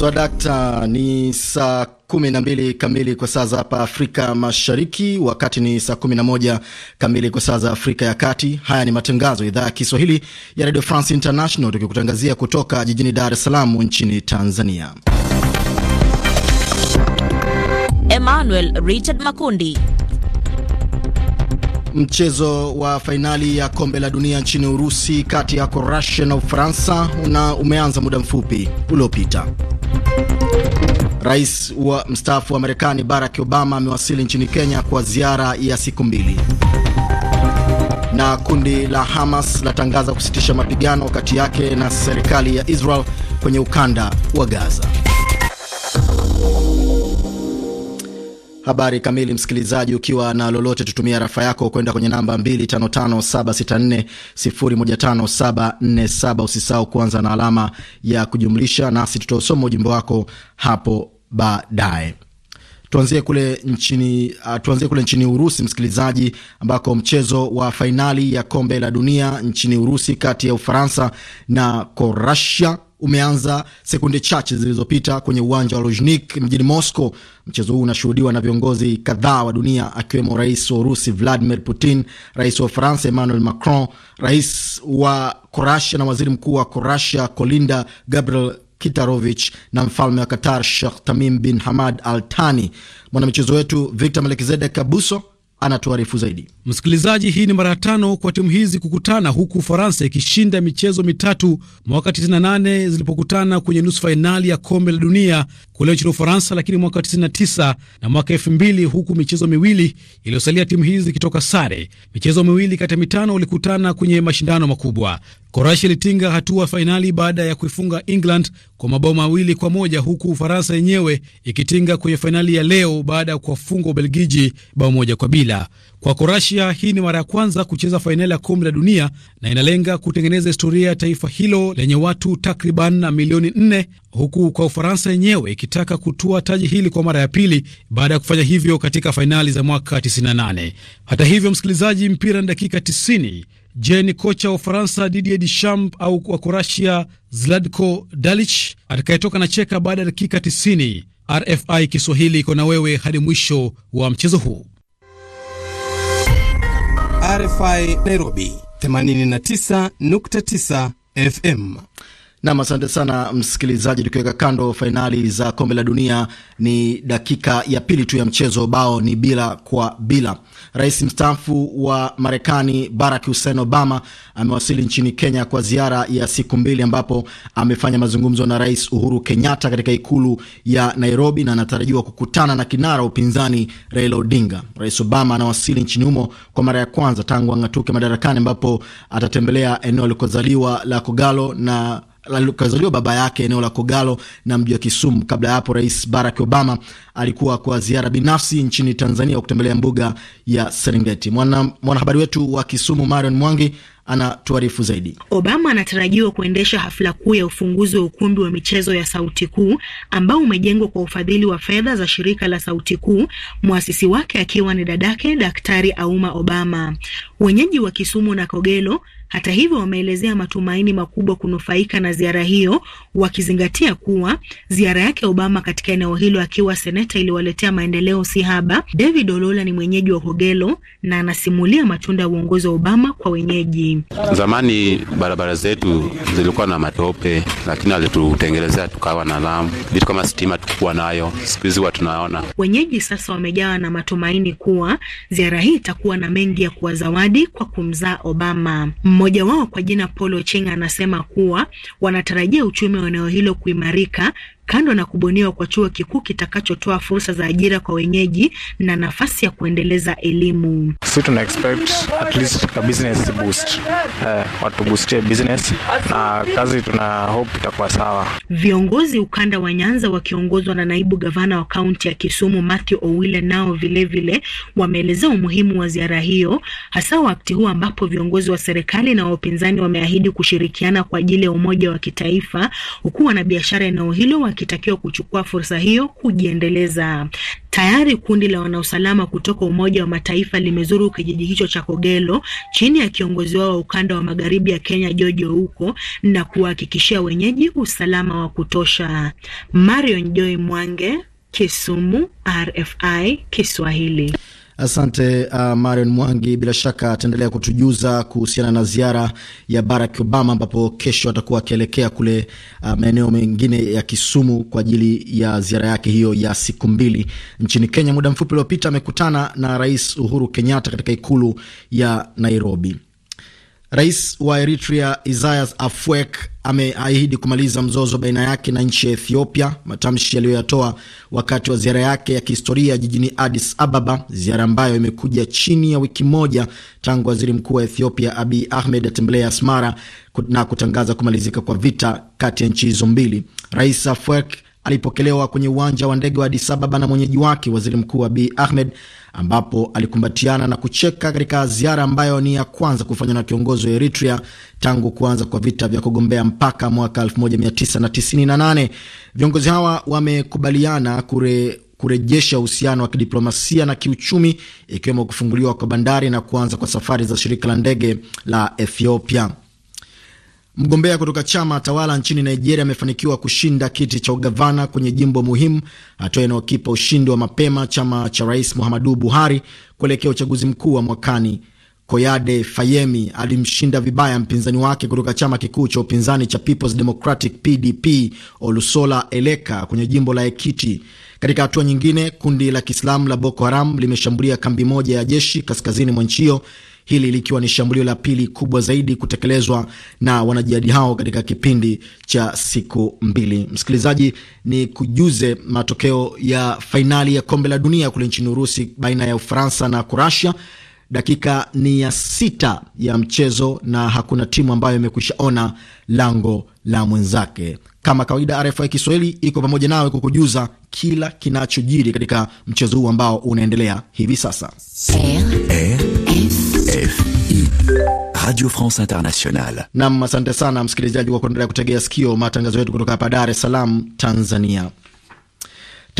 Swadakta ni saa 12 kamili kwa saa za hapa Afrika Mashariki, wakati ni saa 11 kamili kwa saa za Afrika ya Kati. Haya ni matangazo ya idhaa ya Kiswahili ya Radio France International, tukikutangazia kutoka jijini Dar es Salaam nchini Tanzania. Emmanuel Richard Makundi Mchezo wa fainali ya kombe la dunia nchini Urusi kati ya Croatia na Ufaransa una umeanza muda mfupi uliopita. Rais wa mstaafu wa Marekani Barack Obama amewasili nchini Kenya kwa ziara ya siku mbili. Na kundi la Hamas latangaza kusitisha mapigano kati yake na serikali ya Israel kwenye ukanda wa Gaza. Habari kamili, msikilizaji, ukiwa na lolote, tutumia rafa yako kwenda kwenye namba 255764015747. Usisahau kuanza na alama ya kujumlisha, nasi tutausoma ujumbe wako hapo baadaye. Tuanzie kule nchini, uh, tuanzie kule nchini Urusi msikilizaji, ambako mchezo wa fainali ya kombe la dunia nchini Urusi kati ya Ufaransa na Korasia umeanza sekunde chache zilizopita kwenye uwanja wa Luzhniki mjini Moscow. Mchezo huu unashuhudiwa na viongozi kadhaa wa dunia akiwemo rais wa Urusi Vladimir Putin, rais wa Faransa Emmanuel Macron, rais wa Korasia na waziri mkuu wa Korasia Kolinda Gabriel Kitarovich na mfalme wa Qatar Sheikh Tamim bin Hamad Al Thani. Mwanamichezo wetu Victor Melkizedek Kabuso anatuarifu zaidi. Msikilizaji, hii ni mara ya tano kwa timu hizi kukutana, huku Ufaransa ikishinda michezo mitatu mwaka 98 zilipokutana kwenye nusu fainali ya kombe la dunia kule nchini Ufaransa, lakini mwaka 99 na mwaka 2000, huku michezo miwili iliyosalia timu hizi ikitoka sare. Michezo miwili kati ya mitano ulikutana kwenye mashindano makubwa. Kroatia ilitinga hatua fainali baada ya kuifunga England kwa mabao mawili kwa moja huku Ufaransa yenyewe ikitinga kwenye fainali ya leo baada ya kuwafunga Ubelgiji bao moja kwa bila. Kwa Kroatia, hii ni mara ya kwanza kucheza fainali ya kombe la dunia na inalenga kutengeneza historia ya taifa hilo lenye watu takriban milioni nne, huku kwa Ufaransa yenyewe ikitaka kutua taji hili kwa mara ya pili baada ya kufanya hivyo katika fainali za mwaka 98. Hata hivyo, msikilizaji, mpira ni dakika 90 Je, ni kocha wa Ufaransa Didier Deschamps au wa Kurasia Zlatko Dalic atakayetoka na cheka baada ya dakika 90? RFI Kiswahili iko na wewe hadi mwisho wa mchezo huu. RFI Nairobi 89.9 FM. Nam, asante sana msikilizaji. Tukiweka kando fainali za kombe la dunia, ni dakika ya pili tu ya mchezo, bao ni bila kwa bila. Rais mstaafu wa Marekani Barack Hussein Obama amewasili nchini Kenya kwa ziara ya siku mbili, ambapo amefanya mazungumzo na Rais Uhuru Kenyatta katika ikulu ya Nairobi na anatarajiwa kukutana na kinara upinzani Raila Odinga. Rais Obama anawasili nchini humo kwa mara ya kwanza tangu ang'atuke madarakani, ambapo atatembelea eneo alikozaliwa la Kogalo na kazaliwa baba yake eneo la Kogalo na mji wa Kisumu. Kabla ya hapo, Rais Barack Obama alikuwa kwa ziara binafsi nchini Tanzania kutembelea mbuga ya Serengeti. Mwanahabari mwana wetu wa Kisumu Marion Mwangi anatuarifu zaidi. Obama anatarajiwa kuendesha hafla kuu ya ufunguzi wa ukumbi wa michezo ya Sauti Kuu ambao umejengwa kwa ufadhili wa fedha za shirika la Sauti Kuu, mwasisi wake akiwa ni dadake Daktari Auma Obama. Wenyeji wa Kisumu na Kogelo hata hivyo wameelezea matumaini makubwa kunufaika na ziara hiyo, wakizingatia kuwa ziara yake Obama katika eneo hilo akiwa seneta iliwaletea maendeleo si haba. David Olola ni mwenyeji wa Kogelo na anasimulia matunda ya uongozi wa Obama kwa wenyeji. Zamani barabara zetu zilikuwa na matope, lakini alitutengelezea tukawa na lamu vitu kama stima tukuwa nayo, siku hizi huwa tunaona. Wenyeji sasa wamejawa na matumaini kuwa ziara hii itakuwa na mengi ya kuwa zawadi kwa kumzaa Obama. Mmoja wao kwa jina Paul Ochenga anasema kuwa wanatarajia uchumi wa eneo hilo kuimarika kando na kubuniwa kwa chuo kikuu kitakachotoa fursa za ajira kwa wenyeji na nafasi ya kuendeleza elimu. si tuna expect at least a business boost, eh, watu boostie business na kazi, tuna hope itakuwa sawa. Viongozi ukanda wa Nyanza wakiongozwa na naibu gavana wa kaunti ya Kisumu Matthew Owile nao vilevile wameelezea umuhimu wa ziara hiyo, hasa wakati huu ambapo viongozi wa serikali na wa wameahidi kushirikiana kwa ajili ya umoja wa kitaifa, huku wanabiashara eneo hilo wakitakiwa kuchukua fursa hiyo kujiendeleza. Tayari kundi la wanausalama kutoka Umoja wa Mataifa limezuru kijiji hicho cha Kogelo chini ya kiongozi wao wa ukanda wa magharibi ya Kenya jojo huko na kuwahakikishia wenyeji usalama wa kutosha. Marion Joy Mwange, Kisumu, RFI Kiswahili. Asante uh, Marion Mwangi, bila shaka ataendelea kutujuza kuhusiana na ziara ya Barack Obama ambapo kesho atakuwa akielekea kule uh, maeneo mengine ya Kisumu kwa ajili ya ziara yake hiyo ya siku mbili nchini Kenya. Muda mfupi uliopita amekutana na Rais Uhuru Kenyatta katika ikulu ya Nairobi. Rais wa Eritrea Isaias Afwerki ameahidi kumaliza mzozo baina yake na nchi ya Ethiopia, matamshi aliyoyatoa wakati wa ziara yake ya kihistoria jijini Addis Ababa, ziara ambayo imekuja chini ya wiki moja tangu waziri mkuu wa Ethiopia Abiy Ahmed atembelea Asmara na kutangaza kumalizika kwa vita kati ya nchi hizo mbili. Rais Afwerki alipokelewa kwenye uwanja wa ndege wa Addis Ababa na mwenyeji wake waziri mkuu Abiy Ahmed ambapo alikumbatiana na kucheka katika ziara ambayo ni ya kwanza kufanywa na kiongozi wa Eritrea tangu kuanza kwa vita vya kugombea mpaka mwaka 1998. Viongozi hawa wamekubaliana kure kurejesha uhusiano wa kidiplomasia na kiuchumi ikiwemo kufunguliwa kwa bandari na kuanza kwa safari za shirika la ndege la Ethiopia. Mgombea kutoka chama tawala nchini Nigeria amefanikiwa kushinda kiti cha ugavana kwenye jimbo muhimu, hatua inayokipa ushindi wa mapema chama cha rais Muhammadu Buhari kuelekea uchaguzi mkuu wa mwakani. Koyade Fayemi alimshinda vibaya mpinzani wake kutoka chama kikuu cha upinzani cha Peoples Democratic PDP Olusola Eleka kwenye jimbo la Ekiti. Katika hatua nyingine, kundi la Kiislamu la Boko Haram limeshambulia kambi moja ya jeshi kaskazini mwa nchi hiyo hili likiwa ni shambulio la pili kubwa zaidi kutekelezwa na wanajihadi hao katika kipindi cha siku mbili. Msikilizaji, ni kujuze matokeo ya fainali ya kombe la dunia kule nchini Urusi baina ya Ufaransa na kurasia Dakika ni ya sita ya mchezo na hakuna timu ambayo imekwisha ona lango la mwenzake. Kama kawaida, RFI Kiswahili iko pamoja nawe kukujuza kila kinachojiri katika mchezo huu ambao unaendelea hivi sasa R RFI Radio France Internationale. Nam, asante sana msikilizaji kwa kuendelea kutegea sikio matangazo yetu kutoka hapa Dar es Salaam, Tanzania.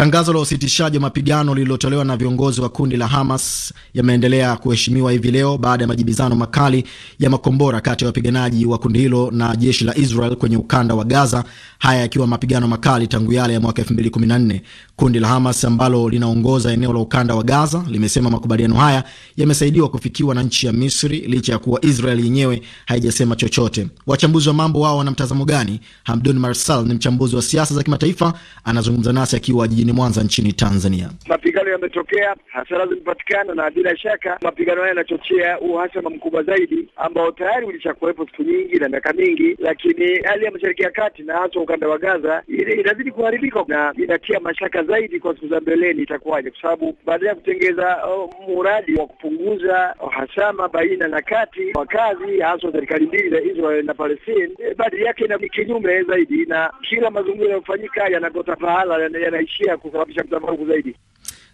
Tangazo la usitishaji wa mapigano lililotolewa na viongozi wa kundi la Hamas yameendelea kuheshimiwa hivi leo baada ya majibizano makali ya makombora kati ya wapiganaji wa kundi hilo na jeshi la Israel kwenye ukanda wa Gaza, haya yakiwa mapigano makali tangu yale ya mwaka 2014. Kundi la Hamas ambalo linaongoza eneo la ukanda wa Gaza limesema makubaliano haya yamesaidiwa kufikiwa na nchi ya Misri licha ya kuwa Israel yenyewe haijasema chochote. Wachambuzi wa mambo wao wana mtazamo gani? Hamdun Marsal ni mchambuzi wa siasa za kimataifa, anazungumza nasi akiwa jijini jijini Mwanza nchini Tanzania. Mapigano yametokea, hasara zimepatikana, na bila shaka mapigano haya yanachochea uhasama mkubwa zaidi ambao tayari ulishakuwepo siku nyingi na miaka mingi, lakini hali ya Mashariki ya Kati na hasa ukanda wa Gaza inazidi kuharibika na inatia mashaka zaidi kwa siku za mbeleni itakuwaje, kwa sababu baada ya kutengeza uh, muradi wa kupunguza uhasama baina na kati wakazi hasa serikali mbili za Israel na Palestine, e, eh, badili yake ni kinyume zaidi, na kila mazungumzo yanayofanyika yanagota pahala, yanaishia ya kusababisha mtafaruku zaidi.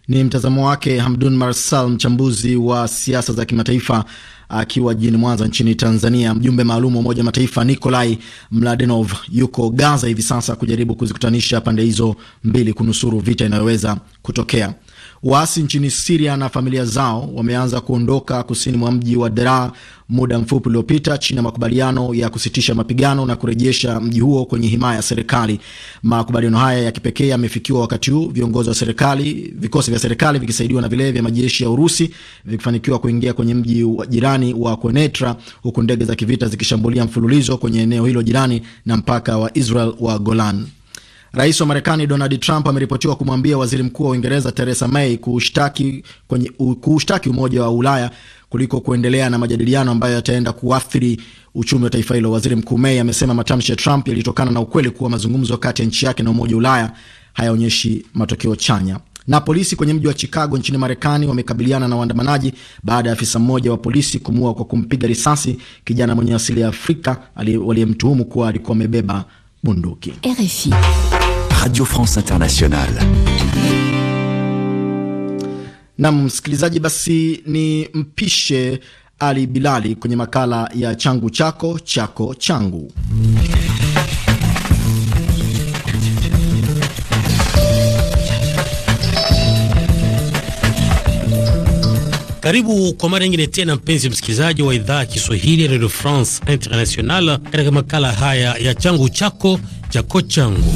Ni mtazamo wake Hamdun Marsal, mchambuzi wa siasa za kimataifa akiwa jijini Mwanza nchini Tanzania. Mjumbe maalum wa Umoja Mataifa Nikolai Mladenov yuko Gaza hivi sasa kujaribu kuzikutanisha pande hizo mbili kunusuru vita inayoweza kutokea. Waasi nchini Siria na familia zao wameanza kuondoka kusini mwa mji wa Daraa muda mfupi uliopita chini ya makubaliano ya kusitisha mapigano na kurejesha mji huo kwenye himaya ya serikali. Makubaliano haya ya kipekee yamefikiwa wakati huu viongozi wa serikali, vikosi vya serikali vikisaidiwa na vile vya majeshi ya Urusi vikifanikiwa kuingia kwenye mji wa jirani wa Quneitra, huku ndege za kivita zikishambulia mfululizo kwenye eneo hilo jirani na mpaka wa Israel wa Golan. Rais wa Marekani Donald Trump ameripotiwa kumwambia waziri mkuu wa Uingereza Theresa May kuushtaki kwenye Umoja wa Ulaya kuliko kuendelea na majadiliano ambayo yataenda kuathiri uchumi wa taifa hilo. Waziri Mkuu May amesema matamshi ya Trump yalitokana na ukweli kuwa mazungumzo kati ya nchi yake na Umoja wa Ulaya hayaonyeshi matokeo chanya. Na polisi kwenye mji wa Chicago nchini Marekani wamekabiliana na waandamanaji baada ya afisa mmoja wa polisi kumuua kwa kumpiga risasi kijana mwenye asili ya Afrika waliyemtuhumu kuwa alikuwa amebeba bunduki. RFI. Radio France Internationale. Na msikilizaji, basi ni mpishe Ali Bilali kwenye makala ya changu chako chako changu. Karibu kwa mara nyingine tena mpenzi msikilizaji wa idhaa ya Kiswahili ya Radio France Internationale katika makala haya ya changu chako chako changu.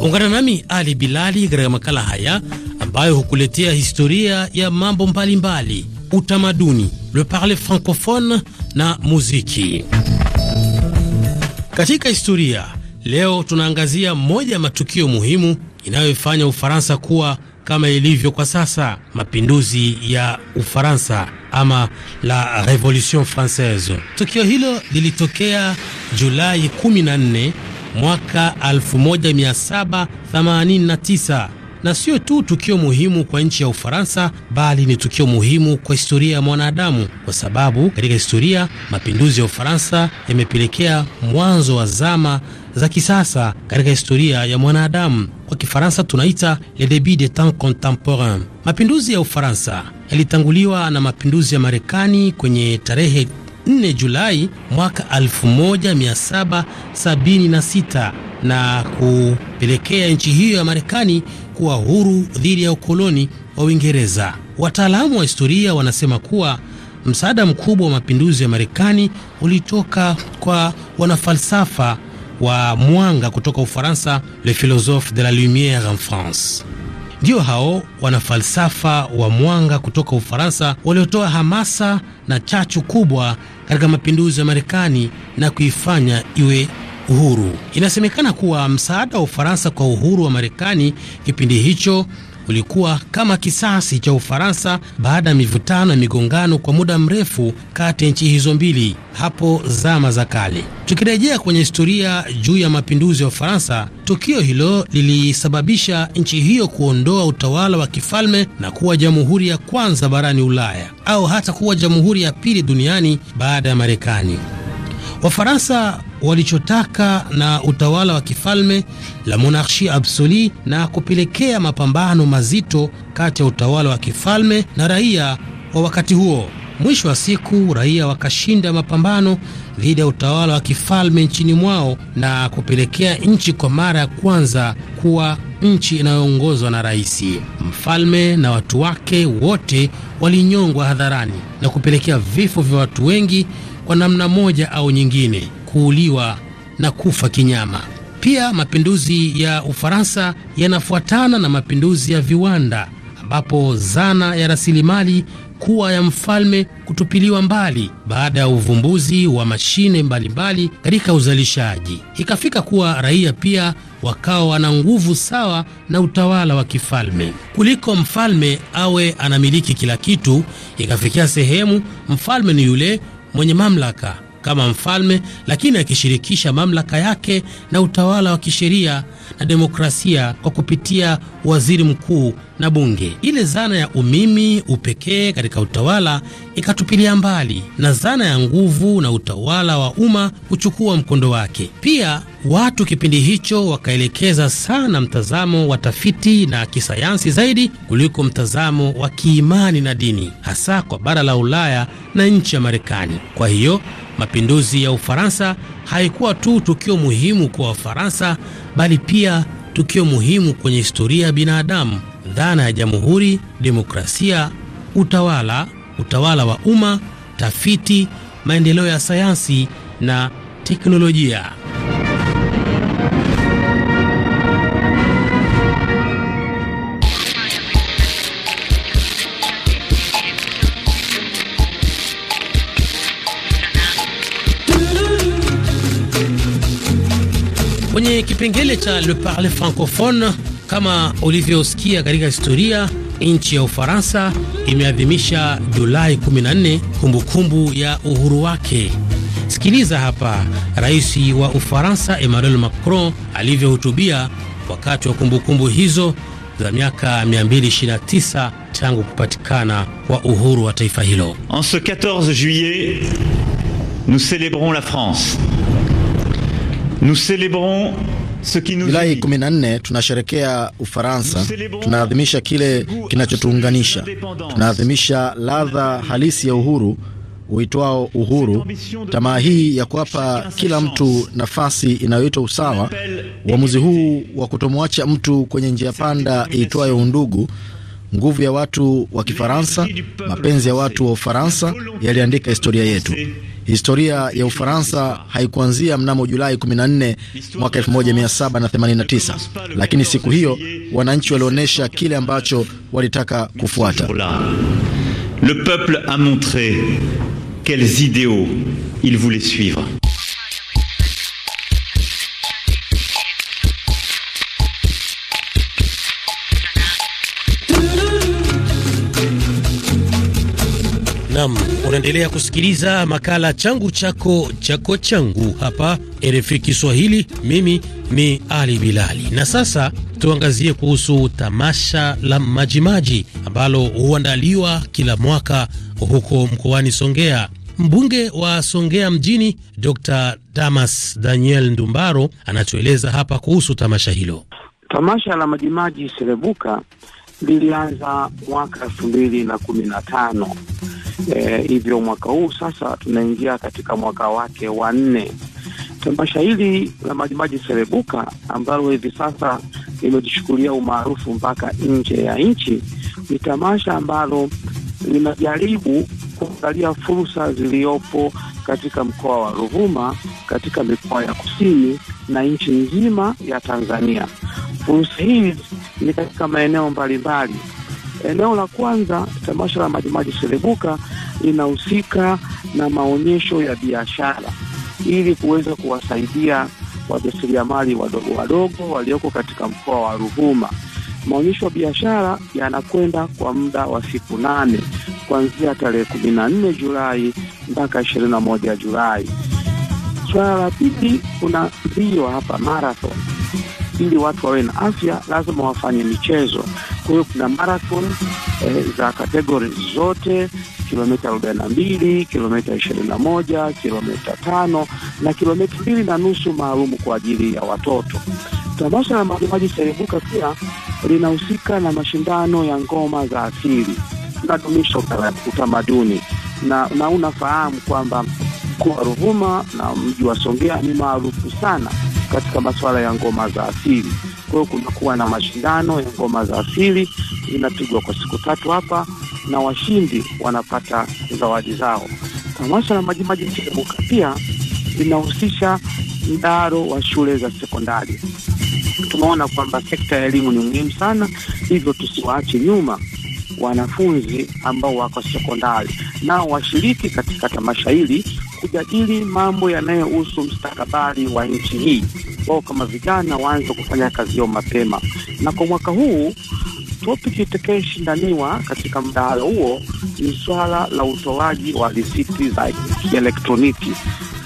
Ungana nami Ali Bilali katika makala haya ambayo hukuletea historia ya mambo mbalimbali, utamaduni, le parle francophone na muziki. Katika historia leo, tunaangazia moja ya matukio muhimu inayoifanya Ufaransa kuwa kama ilivyo kwa sasa, mapinduzi ya Ufaransa ama la Revolution Francaise. Tukio hilo lilitokea Julai 14 mwaka 1789 na sio tu tukio muhimu kwa nchi ya Ufaransa bali ni tukio muhimu kwa historia ya mwanadamu, kwa sababu katika historia mapinduzi ya Ufaransa yamepelekea mwanzo wa zama za kisasa katika historia ya mwanadamu. Kwa Kifaransa tunaita le début des temps contemporains. Mapinduzi ya Ufaransa yalitanguliwa na mapinduzi ya Marekani kwenye tarehe 4 Julai mwaka 1776 na kupelekea nchi hiyo ya Marekani kuwa huru dhidi ya ukoloni wa Uingereza. Wataalamu wa historia wanasema kuwa msaada mkubwa wa mapinduzi ya Marekani ulitoka kwa wanafalsafa wa mwanga kutoka Ufaransa, le philosophe de la lumiere en France. Ndio hao wanafalsafa wa mwanga kutoka Ufaransa waliotoa hamasa na chachu kubwa katika mapinduzi ya Marekani na kuifanya iwe uhuru. Inasemekana kuwa msaada wa Ufaransa kwa uhuru wa Marekani kipindi hicho ulikuwa kama kisasi cha Ufaransa baada ya mivutano ya migongano kwa muda mrefu kati ya nchi hizo mbili hapo zama za kale. Tukirejea kwenye historia juu ya mapinduzi ya Ufaransa, tukio hilo lilisababisha nchi hiyo kuondoa utawala wa kifalme na kuwa jamhuri ya kwanza barani Ulaya au hata kuwa jamhuri ya pili duniani baada ya Marekani. Wafaransa walichotaka na utawala wa kifalme la monarchie absolue na kupelekea mapambano mazito kati ya utawala wa kifalme na raia wa wakati huo. Mwisho wa siku raia wakashinda mapambano dhidi ya utawala wa kifalme nchini mwao na kupelekea nchi kwa mara ya kwanza kuwa nchi inayoongozwa na rais. Mfalme na watu wake wote walinyongwa hadharani na kupelekea vifo vya watu wengi kwa namna moja au nyingine kuuliwa na kufa kinyama. Pia mapinduzi ya Ufaransa yanafuatana na mapinduzi ya viwanda, ambapo zana ya rasilimali kuwa ya mfalme kutupiliwa mbali baada ya uvumbuzi wa mashine mbalimbali katika uzalishaji, ikafika kuwa raia pia wakawa wana nguvu sawa na utawala wa kifalme, kuliko mfalme awe anamiliki kila kitu. Ikafikia sehemu mfalme ni yule mwenye mamlaka kama mfalme, lakini akishirikisha mamlaka yake na utawala wa kisheria na demokrasia kwa kupitia waziri mkuu na bunge. Ile zana ya umimi, upekee katika utawala ikatupilia mbali na zana ya nguvu na utawala wa umma kuchukua mkondo wake. Pia watu kipindi hicho wakaelekeza sana mtazamo wa tafiti na kisayansi zaidi kuliko mtazamo wa kiimani na dini, hasa kwa bara la Ulaya na nchi ya Marekani. Kwa hiyo Mapinduzi ya Ufaransa haikuwa tu tukio muhimu kwa Wafaransa, bali pia tukio muhimu kwenye historia ya binadamu, dhana ya jamhuri, demokrasia, utawala, utawala wa umma, tafiti, maendeleo ya sayansi na teknolojia. Kwenye kipengele cha Le Parle Francophone, kama ulivyosikia katika historia, nchi ya Ufaransa imeadhimisha Julai 14 kumbukumbu ya uhuru wake. Sikiliza hapa rais wa Ufaransa Emmanuel Macron alivyohutubia wakati wa kumbukumbu hizo za miaka 229 tangu kupatikana kwa uhuru wa taifa hilo. En ce 14 juillet nous celebrons la France Julai 14 tunasherekea Ufaransa, tunaadhimisha kile kinachotuunganisha, tunaadhimisha ladha halisi ya uhuru uitwao uhuru. Tamaa hii ya kuwapa kila mtu nafasi inayoitwa usawa, uamuzi huu wa kutomwacha mtu kwenye njia panda iitwayo undugu, nguvu ya watu wa Kifaransa, mapenzi ya watu wa Ufaransa yaliandika historia yetu. Historia ya Ufaransa haikuanzia mnamo Julai 14 mwaka 1789, lakini siku hiyo wananchi walionyesha kile ambacho walitaka kufuata. Le peuple a montre quels ideaux il voulait suivre. Nam Unaendelea kusikiliza makala changu chako chako changu hapa RFI Kiswahili. Mimi ni Ali Bilali, na sasa tuangazie kuhusu tamasha la Majimaji ambalo huandaliwa kila mwaka huko mkoani Songea. Mbunge wa Songea mjini Dr. Damas Daniel Ndumbaro anatueleza hapa kuhusu tamasha hilo. Tamasha la Majimaji Serebuka lilianza mwaka elfu mbili na kumi na tano Eh, hivyo e, mwaka huu sasa tunaingia katika mwaka wake wa nne. Tamasha hili la Majimaji Serebuka ambalo hivi sasa limejishughulia umaarufu mpaka nje ya nchi, ni tamasha ambalo linajaribu kuangalia fursa ziliyopo katika mkoa wa Ruvuma, katika mikoa ya kusini na nchi nzima ya Tanzania. Fursa hii ni katika maeneo mbalimbali Eneo la kwanza, tamasha la Majimaji Serebuka linahusika na maonyesho ya biashara ili kuweza kuwasaidia wajasiriamali wadogo wadogo walioko katika mkoa wa Ruvuma. Maonyesho ya biashara yanakwenda kwa muda wa siku nane kuanzia tarehe kumi na nne Julai mpaka ishirini na moja Julai. Swala la pili, kuna mbio hapa marathon. Ili watu wawe na afya, lazima wafanye michezo. Kwa hiyo kuna marathon eh, za kategori zote kilomita 42, kilomita 21, kilomita tano na kilomita mbili na nusu maalumu kwa ajili ya watoto. Tamasha la Majimaji Serebuka pia linahusika na mashindano ya ngoma za asili, tunadumisha utamaduni na, na unafahamu kwamba mkoa wa Ruvuma na mji wa Songea ni maarufu sana katika masuala ya ngoma za asili. Kwa hiyo kunakuwa na mashindano ya ngoma za asili, inapigwa kwa siku tatu hapa na washindi wanapata zawadi zao. Tamasha la Majimaji Mchepuka pia linahusisha mdaro wa shule za sekondari. Tumeona kwamba sekta ya elimu ni muhimu sana, hivyo tusiwaache nyuma wanafunzi ambao wako sekondari, nao washiriki katika tamasha hili kujadili mambo yanayohusu mstakabali wa nchi hii. Wao kama vijana waanze kufanya kazi yao mapema, na kwa mwaka huu topic itakayeshindaniwa katika mdahalo huo ni swala la utoaji wa risiti za kielektroniki,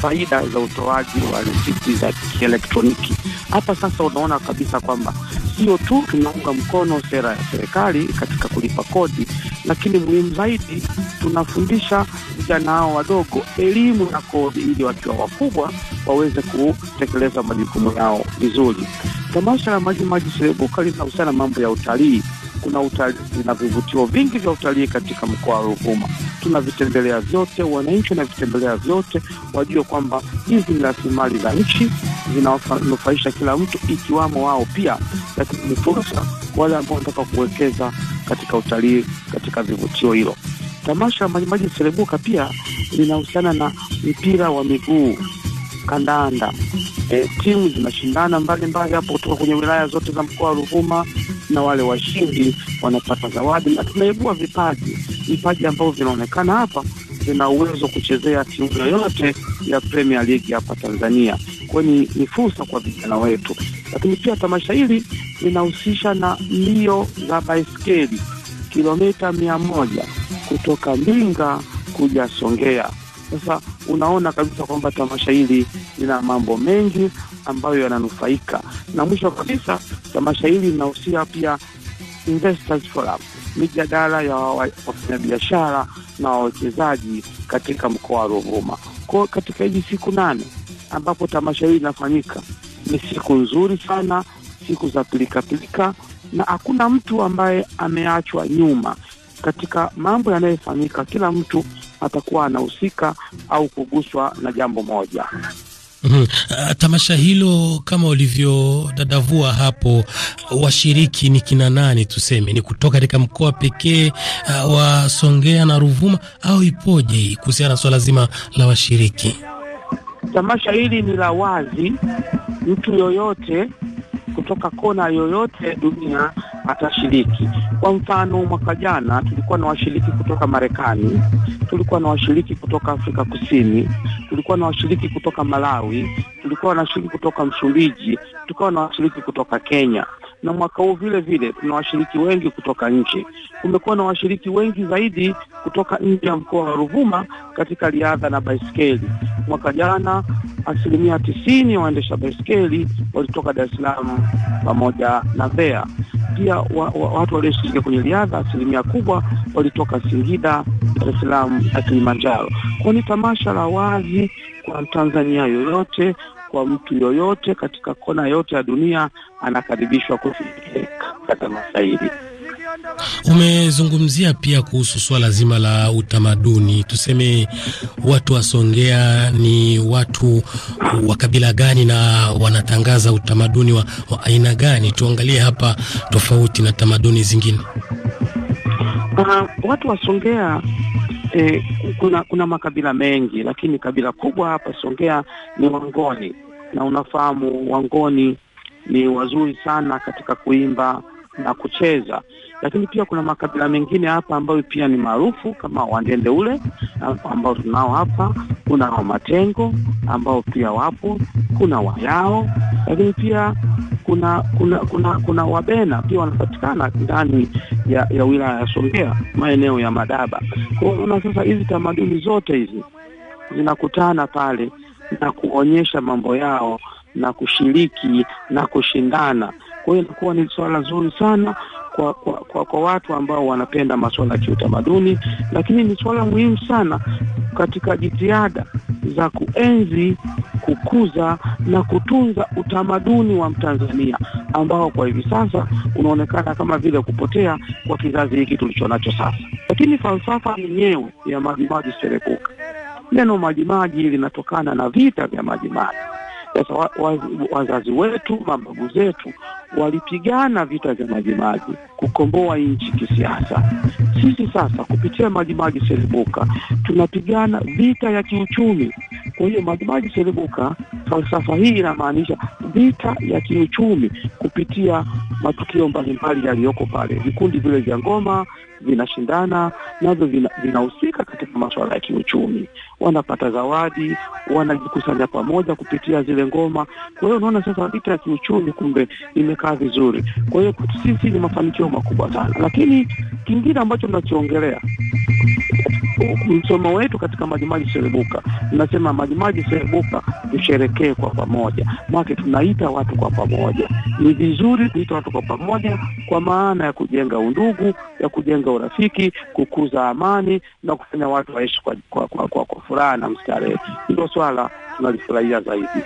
faida za utoaji wa risiti za kielektroniki. Hapa sasa unaona kabisa kwamba sio tu tunaunga mkono sera ya serikali katika kulipa kodi, lakini muhimu zaidi tunafundisha vijana hao wadogo elimu na kodi, ili wakiwa wakubwa waweze kutekeleza majukumu yao vizuri. Tamasha la Maji Maji Serebuka linahusiana mambo ya utalii kuna utalii na vivutio vingi vya utalii katika mkoa wa Ruvuma. Tunavitembelea vyote, wananchi wanavitembelea vyote, wajue kwamba hizi ni rasilimali za nchi zinanufaisha kila mtu, ikiwamo wao pia, lakini ni fursa wale ambao wanataka kuwekeza katika utalii katika vivutio hilo. Tamasha Majimaji Serebuka pia linahusiana na mpira wa miguu kandanda. E, timu zinashindana mbalimbali hapo kutoka kwenye wilaya zote za mkoa wa Ruvuma na wale washindi wanapata zawadi, na tunaibua vipaji vipaji ambavyo vinaonekana hapa vina uwezo kuchezea timu yoyote ya Premier League hapa Tanzania. Kwa hiyo ni fursa kwa vijana wetu, lakini pia tamasha hili linahusisha na mbio za baiskeli kilomita mia moja kutoka Mbinga kuja Songea. Sasa unaona kabisa kwamba tamasha hili lina mambo mengi ambayo yananufaika. Na mwisho kabisa, tamasha hili linahusia pia Investors Forum, mijadala ya wafanyabiashara na wawekezaji katika mkoa wa Ruvuma. Kwa katika hizi siku nane ambapo tamasha hili linafanyika, ni siku nzuri sana, siku za pilikapilika, na hakuna mtu ambaye ameachwa nyuma katika mambo yanayofanyika. Kila mtu atakuwa anahusika au kuguswa na jambo moja. Mm -hmm. Tamasha hilo kama ulivyodadavua hapo, washiriki ni kina nani? Tuseme ni kutoka katika mkoa pekee uh, wa Songea na Ruvuma au ipoje kuhusiana na swala zima la washiriki? Tamasha hili ni la wazi, mtu yoyote kutoka kona yoyote dunia atashiriki. Kwa mfano, mwaka jana tulikuwa na washiriki kutoka Marekani, tulikuwa na washiriki kutoka Afrika Kusini, tulikuwa na washiriki kutoka Malawi, tulikuwa na washiriki kutoka Msumbiji, tulikuwa na washiriki kutoka Kenya na mwaka huu vile vile tuna washiriki wengi kutoka nje. Kumekuwa na washiriki wengi zaidi kutoka nje ya mkoa wa Ruvuma katika riadha na baiskeli. Mwaka jana asilimia tisini waendesha baiskeli walitoka Dar es Salaam pamoja na Mbeya. Pia wa, wa, watu walioshiriki kwenye riadha asilimia kubwa walitoka Singida, Dar es Salaam na Kilimanjaro. Kwa ni tamasha la wazi kwa Mtanzania yoyote kwa mtu yoyote katika kona yote ya dunia anakaribishwa kufikia kama Saidi. Umezungumzia pia kuhusu swala zima la utamaduni. Tuseme watu wa Songea ni watu wa kabila gani na wanatangaza utamaduni wa, wa aina gani? Tuangalie hapa tofauti na tamaduni zingine. Uh, watu wasongea e, kuna kuna makabila mengi, lakini kabila kubwa hapa Songea ni Wangoni, na unafahamu Wangoni ni wazuri sana katika kuimba na kucheza lakini pia kuna makabila mengine hapa ambayo pia ni maarufu kama Wandende ule ambao tunao hapa, kuna Wamatengo ambao pia wapo, kuna Wayao, lakini pia kuna kuna kuna kuna Wabena pia wanapatikana ndani ya, ya wilaya ya Songea maeneo ya Madaba. Kwa hiyo unaona sasa hizi tamaduni zote hizi zinakutana pale na kuonyesha mambo yao na kushiriki na kushindana. Kwa hiyo inakuwa ni swala zuri sana kwa, kwa, kwa, kwa watu ambao wanapenda masuala ya kiutamaduni, lakini ni suala muhimu sana katika jitihada za kuenzi, kukuza na kutunza utamaduni wa Mtanzania ambao kwa hivi sasa unaonekana kama vile kupotea kwa kizazi hiki tulichonacho sasa. Lakini falsafa yenyewe ya Majimaji Serekuka, neno Majimaji linatokana na vita vya Majimaji sasa wa, wa, wazazi wetu mababu zetu walipigana vita vya Majimaji kukomboa nchi kisiasa. Sisi sasa kupitia Majimaji seribuka tunapigana vita ya kiuchumi. Kwa hiyo Majimaji seribuka falsafa hii inamaanisha vita ya kiuchumi kupitia matukio mbalimbali yaliyoko pale, vikundi vile vya ngoma vinashindana nazo vinahusika vina katika masuala ya kiuchumi, wanapata zawadi, wanajikusanya pamoja kupitia zile ngoma. Kwa hiyo unaona sasa vita ya kiuchumi kumbe imekaa vizuri. Kwa hiyo kwetu sisi ni mafanikio makubwa sana, lakini kingine ambacho nachoongelea msomo wetu katika Majimaji Serebuka, tunasema Majimaji Serebuka tusherekee kwa pamoja, make tunaita watu kwa pamoja. Ni vizuri kuita watu kwa pamoja kwa maana ya kujenga undugu, ya kujenga kukuza urafiki, kukuza amani na kufanya watu waishi kwa, kwa, kwa, kwa, kwa furaha na mstarehe. Hilo swala tunalifurahia zaidi.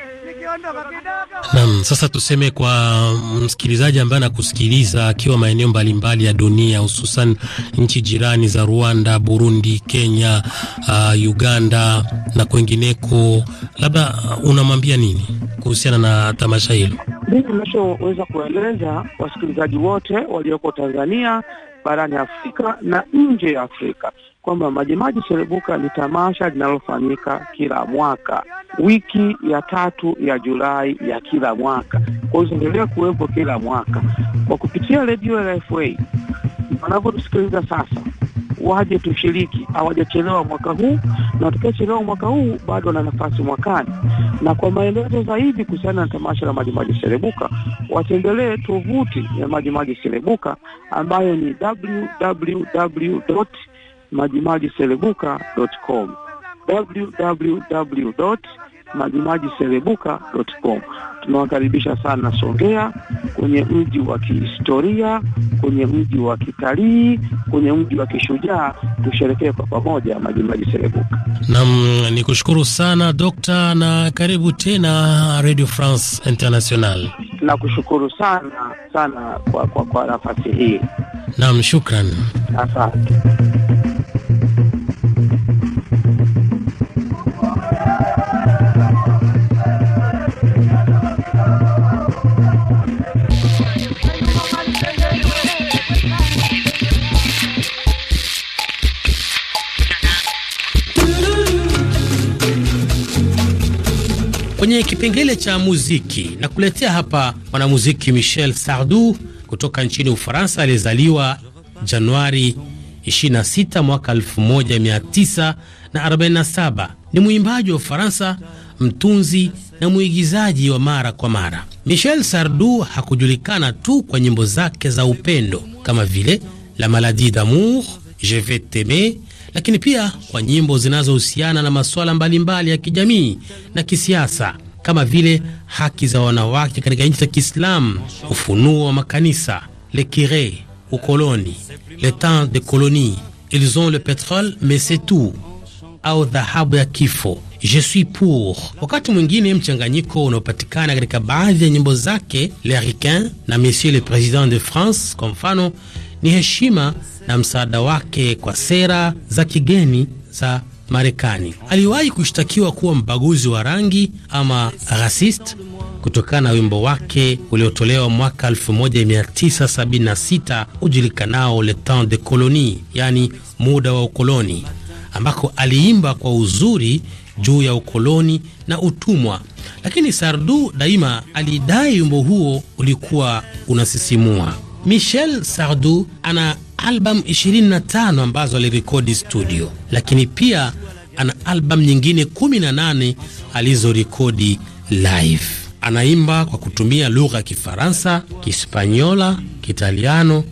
Naam, sasa tuseme kwa msikilizaji ambaye anakusikiliza akiwa maeneo mbalimbali ya dunia hususan nchi jirani za Rwanda, Burundi, Kenya, uh, Uganda na kwengineko, labda unamwambia nini kuhusiana na tamasha hilo? Mimi ninachoweza kueleza wasikilizaji wote walioko Tanzania barani Afrika na nje ya Afrika kwamba Majimaji Serebuka ni tamasha linalofanyika kila mwaka wiki ya tatu ya Julai ya kila mwaka. Kwa hiyo itaendelea kuwepo kila mwaka kwa kupitia redio FA wanavyotusikiliza sasa waje tushiriki, hawajachelewa mwaka huu, na watakachelewa mwaka huu bado wana nafasi mwakani. Na kwa maelezo zaidi kuhusiana na tamasha la Majimaji Serebuka, watembelee tovuti ya Majimaji Serebuka ambayo ni www.majimajiserebuka.com www majimaji majimajiserebuka.com. Tunawakaribisha sana Songea, kwenye mji wa kihistoria, kwenye mji wa kitalii, kwenye mji wa kishujaa. Tusherekee kwa pamoja Majimaji Serebuka. Nam ni kushukuru sana Dokta, na karibu tena Radio France International. Nakushukuru sana sana kwa, kwa, kwa nafasi hii. Nam, shukran, asante. Kwenye kipengele cha muziki na kuletea hapa mwanamuziki Michel Sardou kutoka nchini Ufaransa aliyezaliwa Januari 26 mwaka 1947. Ni mwimbaji wa Ufaransa, mtunzi na mwigizaji wa mara kwa mara. Michel Sardou hakujulikana tu kwa nyimbo zake za upendo kama vile La Maladie d'Amour, Je vais t'aimer lakini pia kwa nyimbo zinazohusiana na masuala mbalimbali ya kijamii na kisiasa kama vile haki za wanawake katika nchi za Kiislamu, ufunuo wa makanisa, Le Kire, ukoloni, Le Temps de Colonie, Ils ont le petrole mais c'est tout, au dhahabu ya kifo Je suis pour. Wakati mwingine mchanganyiko unaopatikana katika baadhi ya nyimbo zake, Le Ricain na Monsieur le President de France kwa mfano ni heshima na msaada wake kwa sera za kigeni za Marekani. Aliwahi kushtakiwa kuwa mbaguzi wa rangi ama rasist kutokana na wimbo wake uliotolewa mwaka 1976 ujulikanao Le Temps de Colonie, yani muda wa ukoloni, ambako aliimba kwa uzuri juu ya ukoloni na utumwa, lakini Sardu daima alidai wimbo huo ulikuwa unasisimua. Michel Sardou ana albamu 25 ambazo alirekodi studio, lakini pia ana albamu nyingine 18 alizorekodi live. Anaimba kwa kutumia lugha ya Kifaransa, Kispanyola, Kitaliano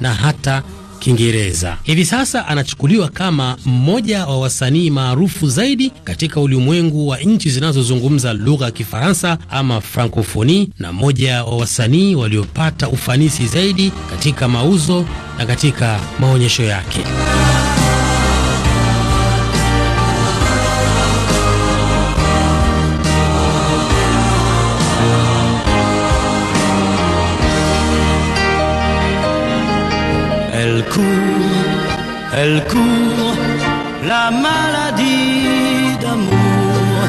na hata Kiingereza. Hivi sasa anachukuliwa kama mmoja wa wasanii maarufu zaidi katika ulimwengu wa nchi zinazozungumza lugha ya Kifaransa ama Frankofoni, na mmoja wa wasanii waliopata ufanisi zaidi katika mauzo na katika maonyesho yake. Elle court la maladie d'amour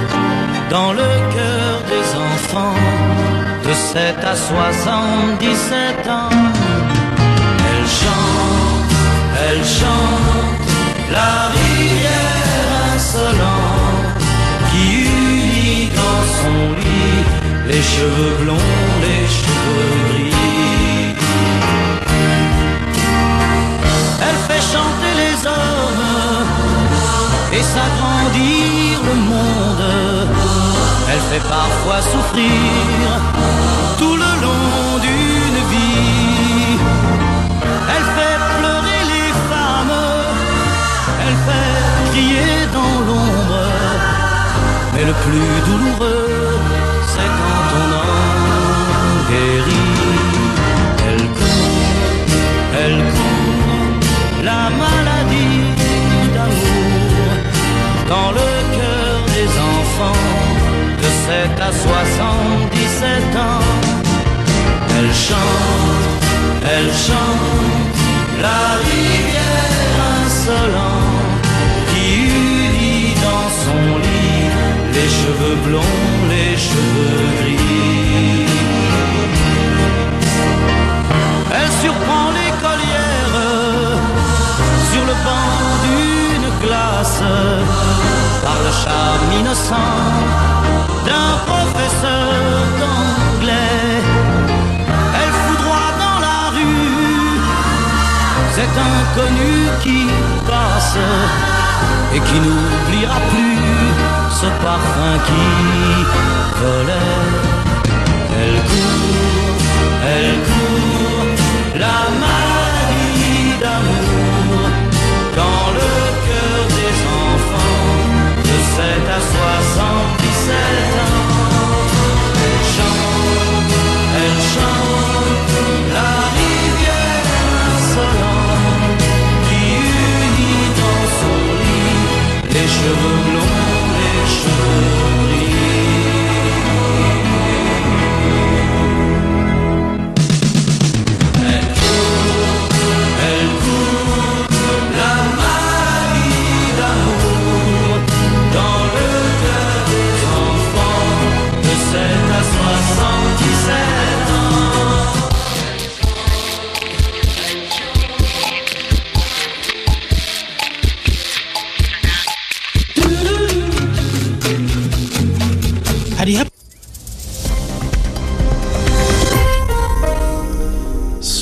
dans le cœur des enfants de 7 à 77 ans. Elle chante, elle chante la rivière insolente qui unit dans son lit les cheveux blonds, les cheveux gris elle fait chanter les hommes et s'agrandir le monde. Elle fait parfois souffrir tout le long d'une vie. Elle fait pleurer les femmes, elle fait crier dans l'ombre. Mais le plus douloureux, c'est quand on en guérit.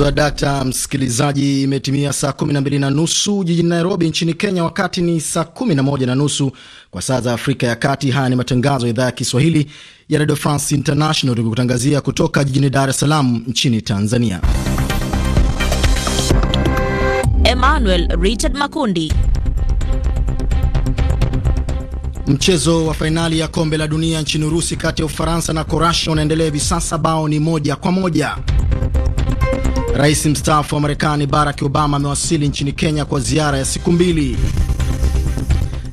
data msikilizaji, imetimia saa 12 na nusu jijini Nairobi nchini Kenya, wakati ni saa 11 na nusu kwa saa za Afrika ya Kati. Haya ni matangazo ya idhaa ya Kiswahili ya Radio France International, tukikutangazia kutoka jijini Dar es Salaam nchini Tanzania. Emmanuel Richard Makundi. Mchezo wa fainali ya kombe la dunia nchini Urusi kati ya Ufaransa na Croatia unaendelea hivi sasa, bao ni moja kwa moja. Rais mstaafu wa Marekani Barack Obama amewasili nchini Kenya kwa ziara ya siku mbili.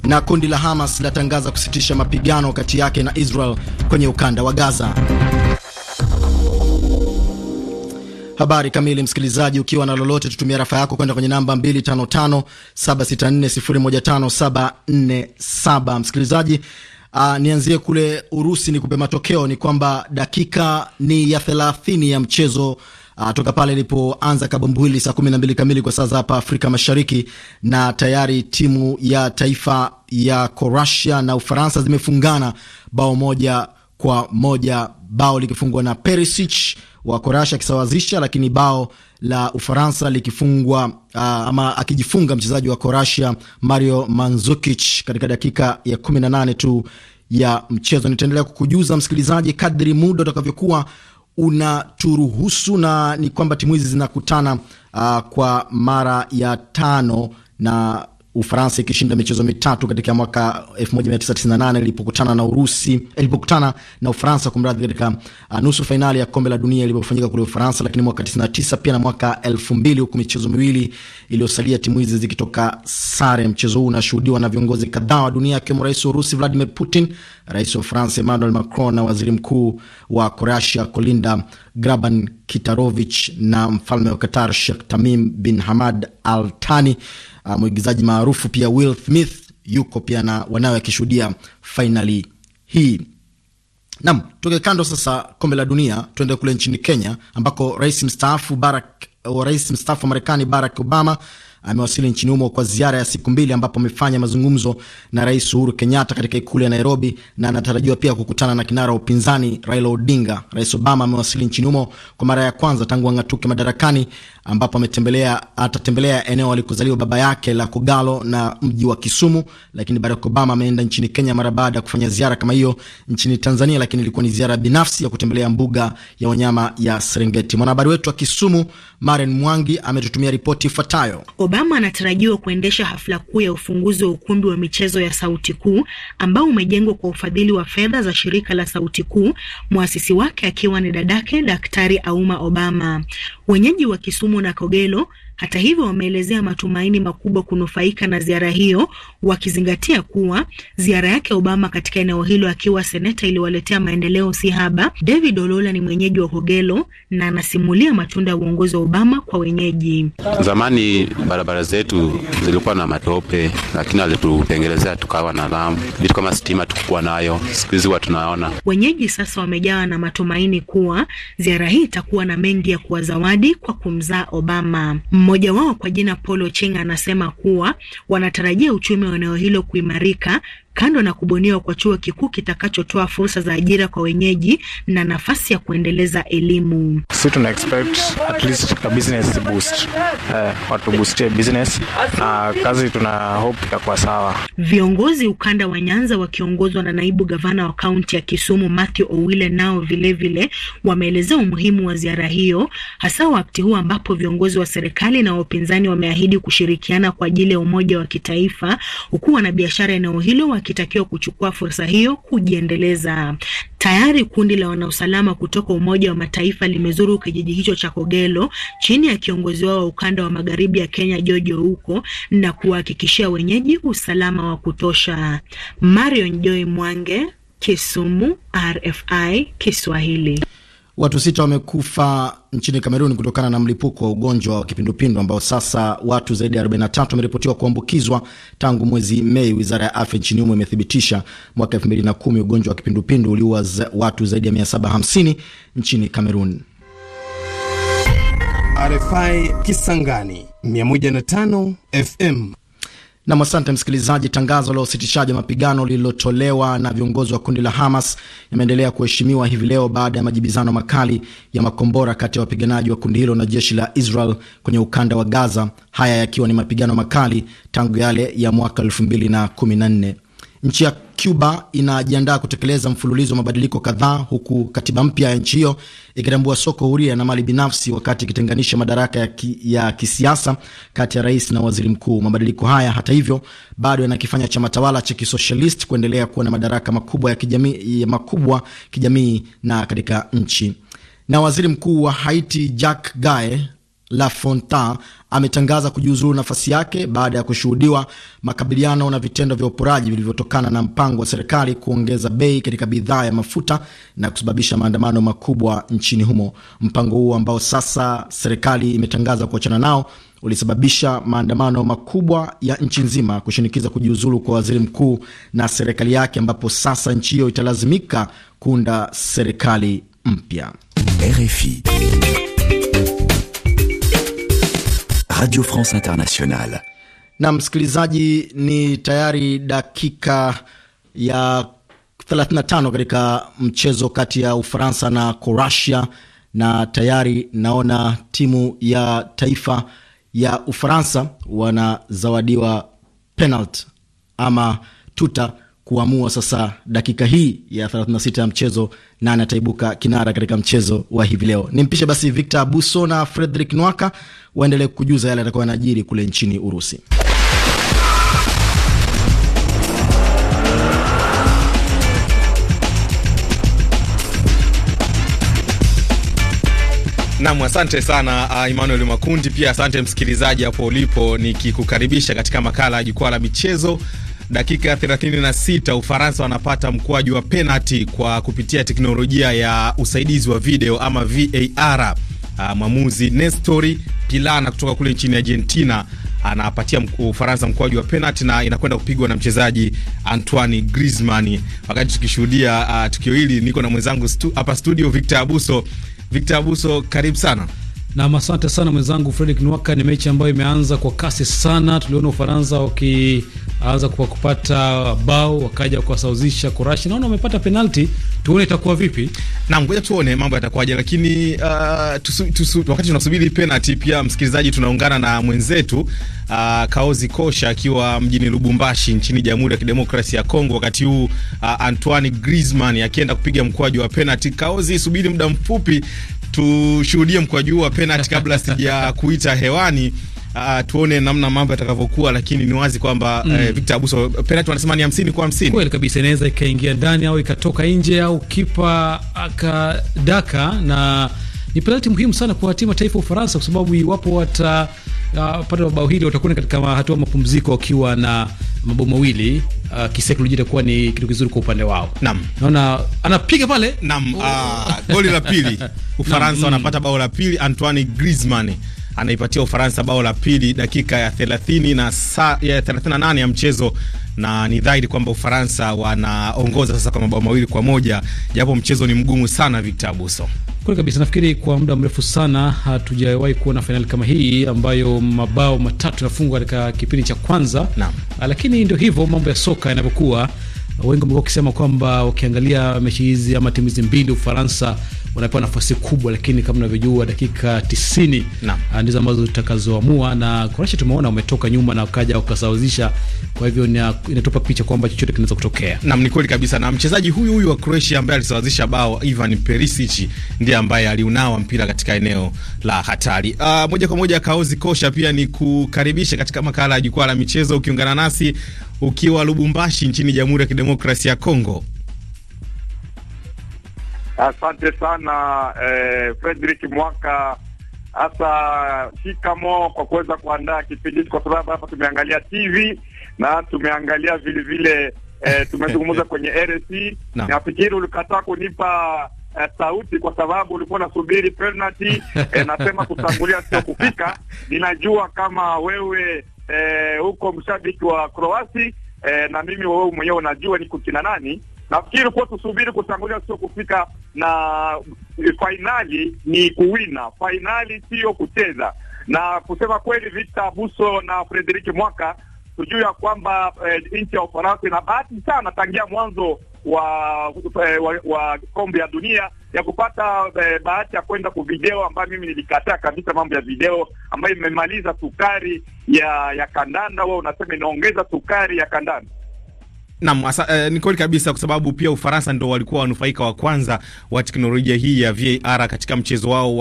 Na kundi la Hamas latangaza kusitisha mapigano kati yake na Israel kwenye ukanda wa Gaza. Habari kamili, msikilizaji, ukiwa na lolote, tutumia rafa yako kwenda kwenye namba 255764015747. Msikilizaji, uh, nianzie kule Urusi, ni kupe matokeo ni kwamba dakika ni ya 30 ya mchezo uh, toka pale ilipoanza kabumbuli saa 12 kamili kwa saa za hapa Afrika Mashariki, na tayari timu ya taifa ya Croatia na Ufaransa zimefungana bao moja kwa moja, bao likifungwa na Perisic wa Croatia akisawazisha, lakini bao la Ufaransa likifungwa uh, ama akijifunga mchezaji wa Croatia Mario Mandzukic katika dakika ya 18 tu ya mchezo. Nitaendelea kukujuza msikilizaji kadri muda utakavyokuwa unaturuhusu na ni kwamba timu hizi zinakutana uh, kwa mara ya tano na Ufaransa ikishinda michezo mitatu katika mwaka 1998 ilipokutana na Urusi, ilipokutana na Ufaransa kumradhi, katika uh, nusu fainali ya kombe la dunia ilipofanyika kule Ufaransa, lakini mwaka 99 pia na mwaka 2000, huku michezo miwili iliyosalia timu hizi zikitoka sare. Mchezo huu unashuhudiwa na viongozi kadhaa wa dunia akiwemo rais wa Urusi Vladimir Putin, rais wa Ufaransa Emmanuel Macron na waziri mkuu wa Croatia Kolinda Graban Kitarovich na mfalme wa Qatar Sheikh Tamim bin Hamad Al Thani. Ah, mwigizaji maarufu pia Will Smith yuko pia na wanawe akishuhudia fainali hii. Nam, tuweke kando sasa kombe la dunia, tuende kule nchini Kenya ambako rais mstaafu Barack, oh, rais mstaafu wa Marekani Barack Obama amewasili nchini humo kwa ziara ya siku mbili ambapo amefanya mazungumzo na rais Uhuru Kenyatta katika ikulu ya Nairobi na anatarajiwa pia kukutana na kinara wa upinzani Raila Odinga. Rais Obama amewasili nchini humo kwa mara ya kwanza tangu ang'atuke madarakani ambapo ametembelea atatembelea eneo alikozaliwa baba yake la Kogalo na mji wa Kisumu. Lakini Barack Obama ameenda nchini Kenya mara baada ya kufanya ziara kama hiyo nchini Tanzania, lakini ilikuwa ni ziara binafsi ya kutembelea mbuga ya wanyama ya Serengeti. Mwanahabari wetu wa Kisumu Maren Mwangi ametutumia ripoti ifuatayo. Obama anatarajiwa kuendesha hafla kuu ya ufunguzi wa ukumbi wa michezo ya Sauti Kuu ambao umejengwa kwa ufadhili wa fedha za shirika la Sauti Kuu, mwasisi wake akiwa ni dadake Daktari Auma Obama. Wenyeji wa Kisumu na Kogelo hata hivyo, wameelezea matumaini makubwa kunufaika na ziara hiyo, wakizingatia kuwa ziara yake Obama katika eneo hilo akiwa seneta iliwaletea maendeleo si haba. David Olola ni mwenyeji wa Hogelo na anasimulia matunda ya uongozi wa Obama kwa wenyeji. Zamani barabara zetu zilikuwa na matope, lakini alitutengelezea tukawa na lamu. vitu kama stima tukukuwa nayo, siku hizi huwa tunaona. Wenyeji sasa wamejawa na matumaini kuwa ziara hii itakuwa na mengi ya kuwa zawadi kwa kumzaa Obama. Mmoja wao kwa jina Paul Chenga anasema kuwa wanatarajia uchumi wa eneo hilo kuimarika kando na kubuniwa kwa chuo kikuu kitakachotoa fursa za ajira kwa wenyeji na nafasi ya kuendeleza elimu. si tuna expect at least a business boost, uh, eh, watu boostie business uh, kazi tuna hope itakuwa sawa. Viongozi ukanda wa Nyanza wakiongozwa na naibu gavana wa kaunti ya Kisumu Matthew Owile nao vilevile wameelezea umuhimu wa ziara hiyo, hasa wakati huu ambapo viongozi wa serikali na wapinzani wameahidi kushirikiana kwa ajili ya umoja wa kitaifa, huku wanabiashara eneo hilo akitakiwa kuchukua fursa hiyo kujiendeleza. Tayari kundi la wanausalama kutoka Umoja wa Mataifa limezuru kijiji hicho cha Kogelo chini ya kiongozi wao wa ukanda wa magharibi ya Kenya jojo huko na kuwahakikishia wenyeji usalama wa kutosha. Marion Joy Mwange, Kisumu, RFI Kiswahili. Watu sita wamekufa nchini Kameruni kutokana na mlipuko wa ugonjwa wa kipindupindu ambao sasa watu zaidi ya 43 wameripotiwa kuambukizwa tangu mwezi Mei. Wizara ya afya nchini humo imethibitisha mwaka 2010 ugonjwa wa kipindupindu uliua watu zaidi ya 750 nchini Kameruni. RFI Kisangani 105 FM Nam, asante msikilizaji. Tangazo la usitishaji wa mapigano lililotolewa na viongozi wa kundi la Hamas yameendelea kuheshimiwa hivi leo baada ya majibizano makali ya makombora kati ya wapiganaji wa kundi hilo na jeshi la Israel kwenye ukanda wa Gaza, haya yakiwa ni mapigano makali tangu yale ya mwaka 2014. Nchi ya Cuba inajiandaa kutekeleza mfululizo wa mabadiliko kadhaa, huku katiba mpya ya nchi hiyo ikitambua soko huria na mali binafsi, wakati ikitenganisha madaraka ya, ki, ya kisiasa kati ya rais na waziri mkuu. Mabadiliko haya hata hivyo bado yanakifanya chama tawala cha kisosialist kuendelea kuwa na madaraka makubwa ya kijamii, ya makubwa kijamii na katika nchi. Na waziri mkuu wa Haiti Jack Gae Lafontaine ametangaza kujiuzulu nafasi yake baada ya kushuhudiwa makabiliano na vitendo vya uporaji vilivyotokana na mpango wa serikali kuongeza bei katika bidhaa ya mafuta na kusababisha maandamano makubwa nchini humo. Mpango huo ambao sasa serikali imetangaza kuachana nao ulisababisha maandamano makubwa ya nchi nzima kushinikiza kujiuzulu kwa waziri mkuu na serikali yake, ambapo sasa nchi hiyo italazimika kuunda serikali mpya. RFI Radio France Internationale. Na msikilizaji, ni tayari dakika ya 35 katika mchezo kati ya Ufaransa na Croatia, na tayari naona timu ya taifa ya Ufaransa wanazawadiwa penalt ama tuta kuamua sasa dakika hii ya 36 ya mchezo nani ataibuka kinara katika mchezo wa hivi leo. Nimpishe basi Victor Abuso na Frederick Nwaka waendelee kujuza yale yatakuwa yanajiri kule nchini Urusi. Nam, asante sana uh, Emmanuel Makundi. Pia asante msikilizaji hapo ulipo, nikikukaribisha katika makala ya jukwaa la michezo Dakika ya 36 Ufaransa wanapata mkwaju wa penalti kwa kupitia teknolojia ya usaidizi wa video ama VAR. Uh, ah, mwamuzi Nestori Pilana kutoka kule nchini Argentina anapatia Ufaransa mkwaju wa penalti na inakwenda kupigwa na mchezaji Antoine Griezmann. Wakati tukishuhudia uh, tukio hili, niko na mwenzangu hapa stu, studio Victor Abuso. Victor Abuso, karibu sana. Nam, asante sana mwenzangu Fredrick Nwaka. Ni mechi ambayo imeanza kwa kasi sana, tuliona Ufaransa waki aanza kwa kupata bao wakaja kuwasauzisha Korashi. Naona wamepata penalti, tuone itakuwa vipi. Na ngoja tuone mambo yatakuwaje, lakini uh, tusu, tusu, wakati tunasubiri penalti, pia msikilizaji, tunaungana na mwenzetu uh, Kaozi Kosha akiwa mjini Lubumbashi nchini Jamhuri ya Kidemokrasi ya Kongo, wakati huu uh, Antoine Griezmann akienda kupiga mkwaju wa penalti. Kaozi, subiri muda mfupi tushuhudie mkwaju wa penalti kabla sija kuita hewani uh, tuone namna mambo yatakavyokuwa, lakini ni wazi kwamba eh, mm. eh, Victor Abuso, penalty wanasema ni 50 kwa 50. Kweli kabisa, inaweza ikaingia ndani au ikatoka nje au kipa akadaka, na ni penalty muhimu sana kwa timu ya taifa Ufaransa kwa sababu iwapo wata uh, ah, pata mabao hili watakuwa katika hatua mapumziko wakiwa na mabao mawili. Uh, kisaikolojia itakuwa ni kitu kizuri kwa upande wao. Naam, naona anapiga pale. Naam, uh, goli la pili Ufaransa mm. wanapata bao la pili, Antoine Griezmann anaipatia Ufaransa bao la pili dakika ya 30 na ya 38 ya mchezo na ni dhahiri kwamba Ufaransa wanaongoza sasa kwa mabao mawili kwa moja japo mchezo ni mgumu sana. Victor Abuso, kweli kabisa. Nafikiri kwa muda mrefu sana hatujawahi kuona fainali kama hii ambayo mabao matatu yanafungwa katika kipindi cha kwanza na. Lakini ndio hivyo mambo ya soka yanavyokuwa wengi wamekuwa wakisema kwamba ukiangalia mechi hizi ama timu hizi mbili, Ufaransa wanapewa nafasi kubwa, lakini kama unavyojua dakika tisini na ah, ndizo ambazo zitakazoamua, na Kroatia tumeona umetoka nyuma na ukaja ukasawazisha, Kwa hivyo inatupa picha kwamba chochote kinaweza kutokea. Nam, ni kweli kabisa, na mchezaji huyu huyu wa Kroatia ambaye alisawazisha bao Ivan Perisic ndiye ambaye aliunawa mpira katika eneo la hatari. Uh, moja kwa moja Kaozi Kosha pia ni kukaribisha katika makala ya jukwaa la michezo, ukiungana nasi ukiwa Lubumbashi nchini Jamhuri ya Kidemokrasia ya Kongo. Asante sana eh, Frederick Mwaka, hasa shikamo kwa kuweza kuandaa kipindi hiki, kwa sababu hapa tumeangalia TV na tumeangalia vile vile eh, tumezungumza kwenye RC no. Nafikiri ulikataa kunipa eh, sauti kwa sababu ulikuwa unasubiri penalty eh, nasema kutangulia sio kufika. Ninajua kama wewe Eh, huko mshabiki wa Kroasi eh, na mimi wewe mwenyewe unajua ni kutina nani. Nafikiri kuwa tusubiri kutangulia, sio kufika na fainali ni kuwina. Fainali siyo kucheza, na kusema kweli, Victor Buso na Frederiki Mwaka tujuu ya kwamba eh, nchi ya Ufaransa ina bahati sana tangia mwanzo wa, wa, eh, wa, wa kombe ya dunia ya kupata eh, bahati ya kwenda kuvideo ambayo mimi nilikataa kabisa mambo ya video ambayo imemaliza sukari ya ya kandanda. Wewe unasema inaongeza sukari ya kandanda. Naam, uh, ni kweli kabisa kwa sababu pia Ufaransa ndo walikuwa wanufaika wa kwanza wa teknolojia hii ya VAR katika mchezo wao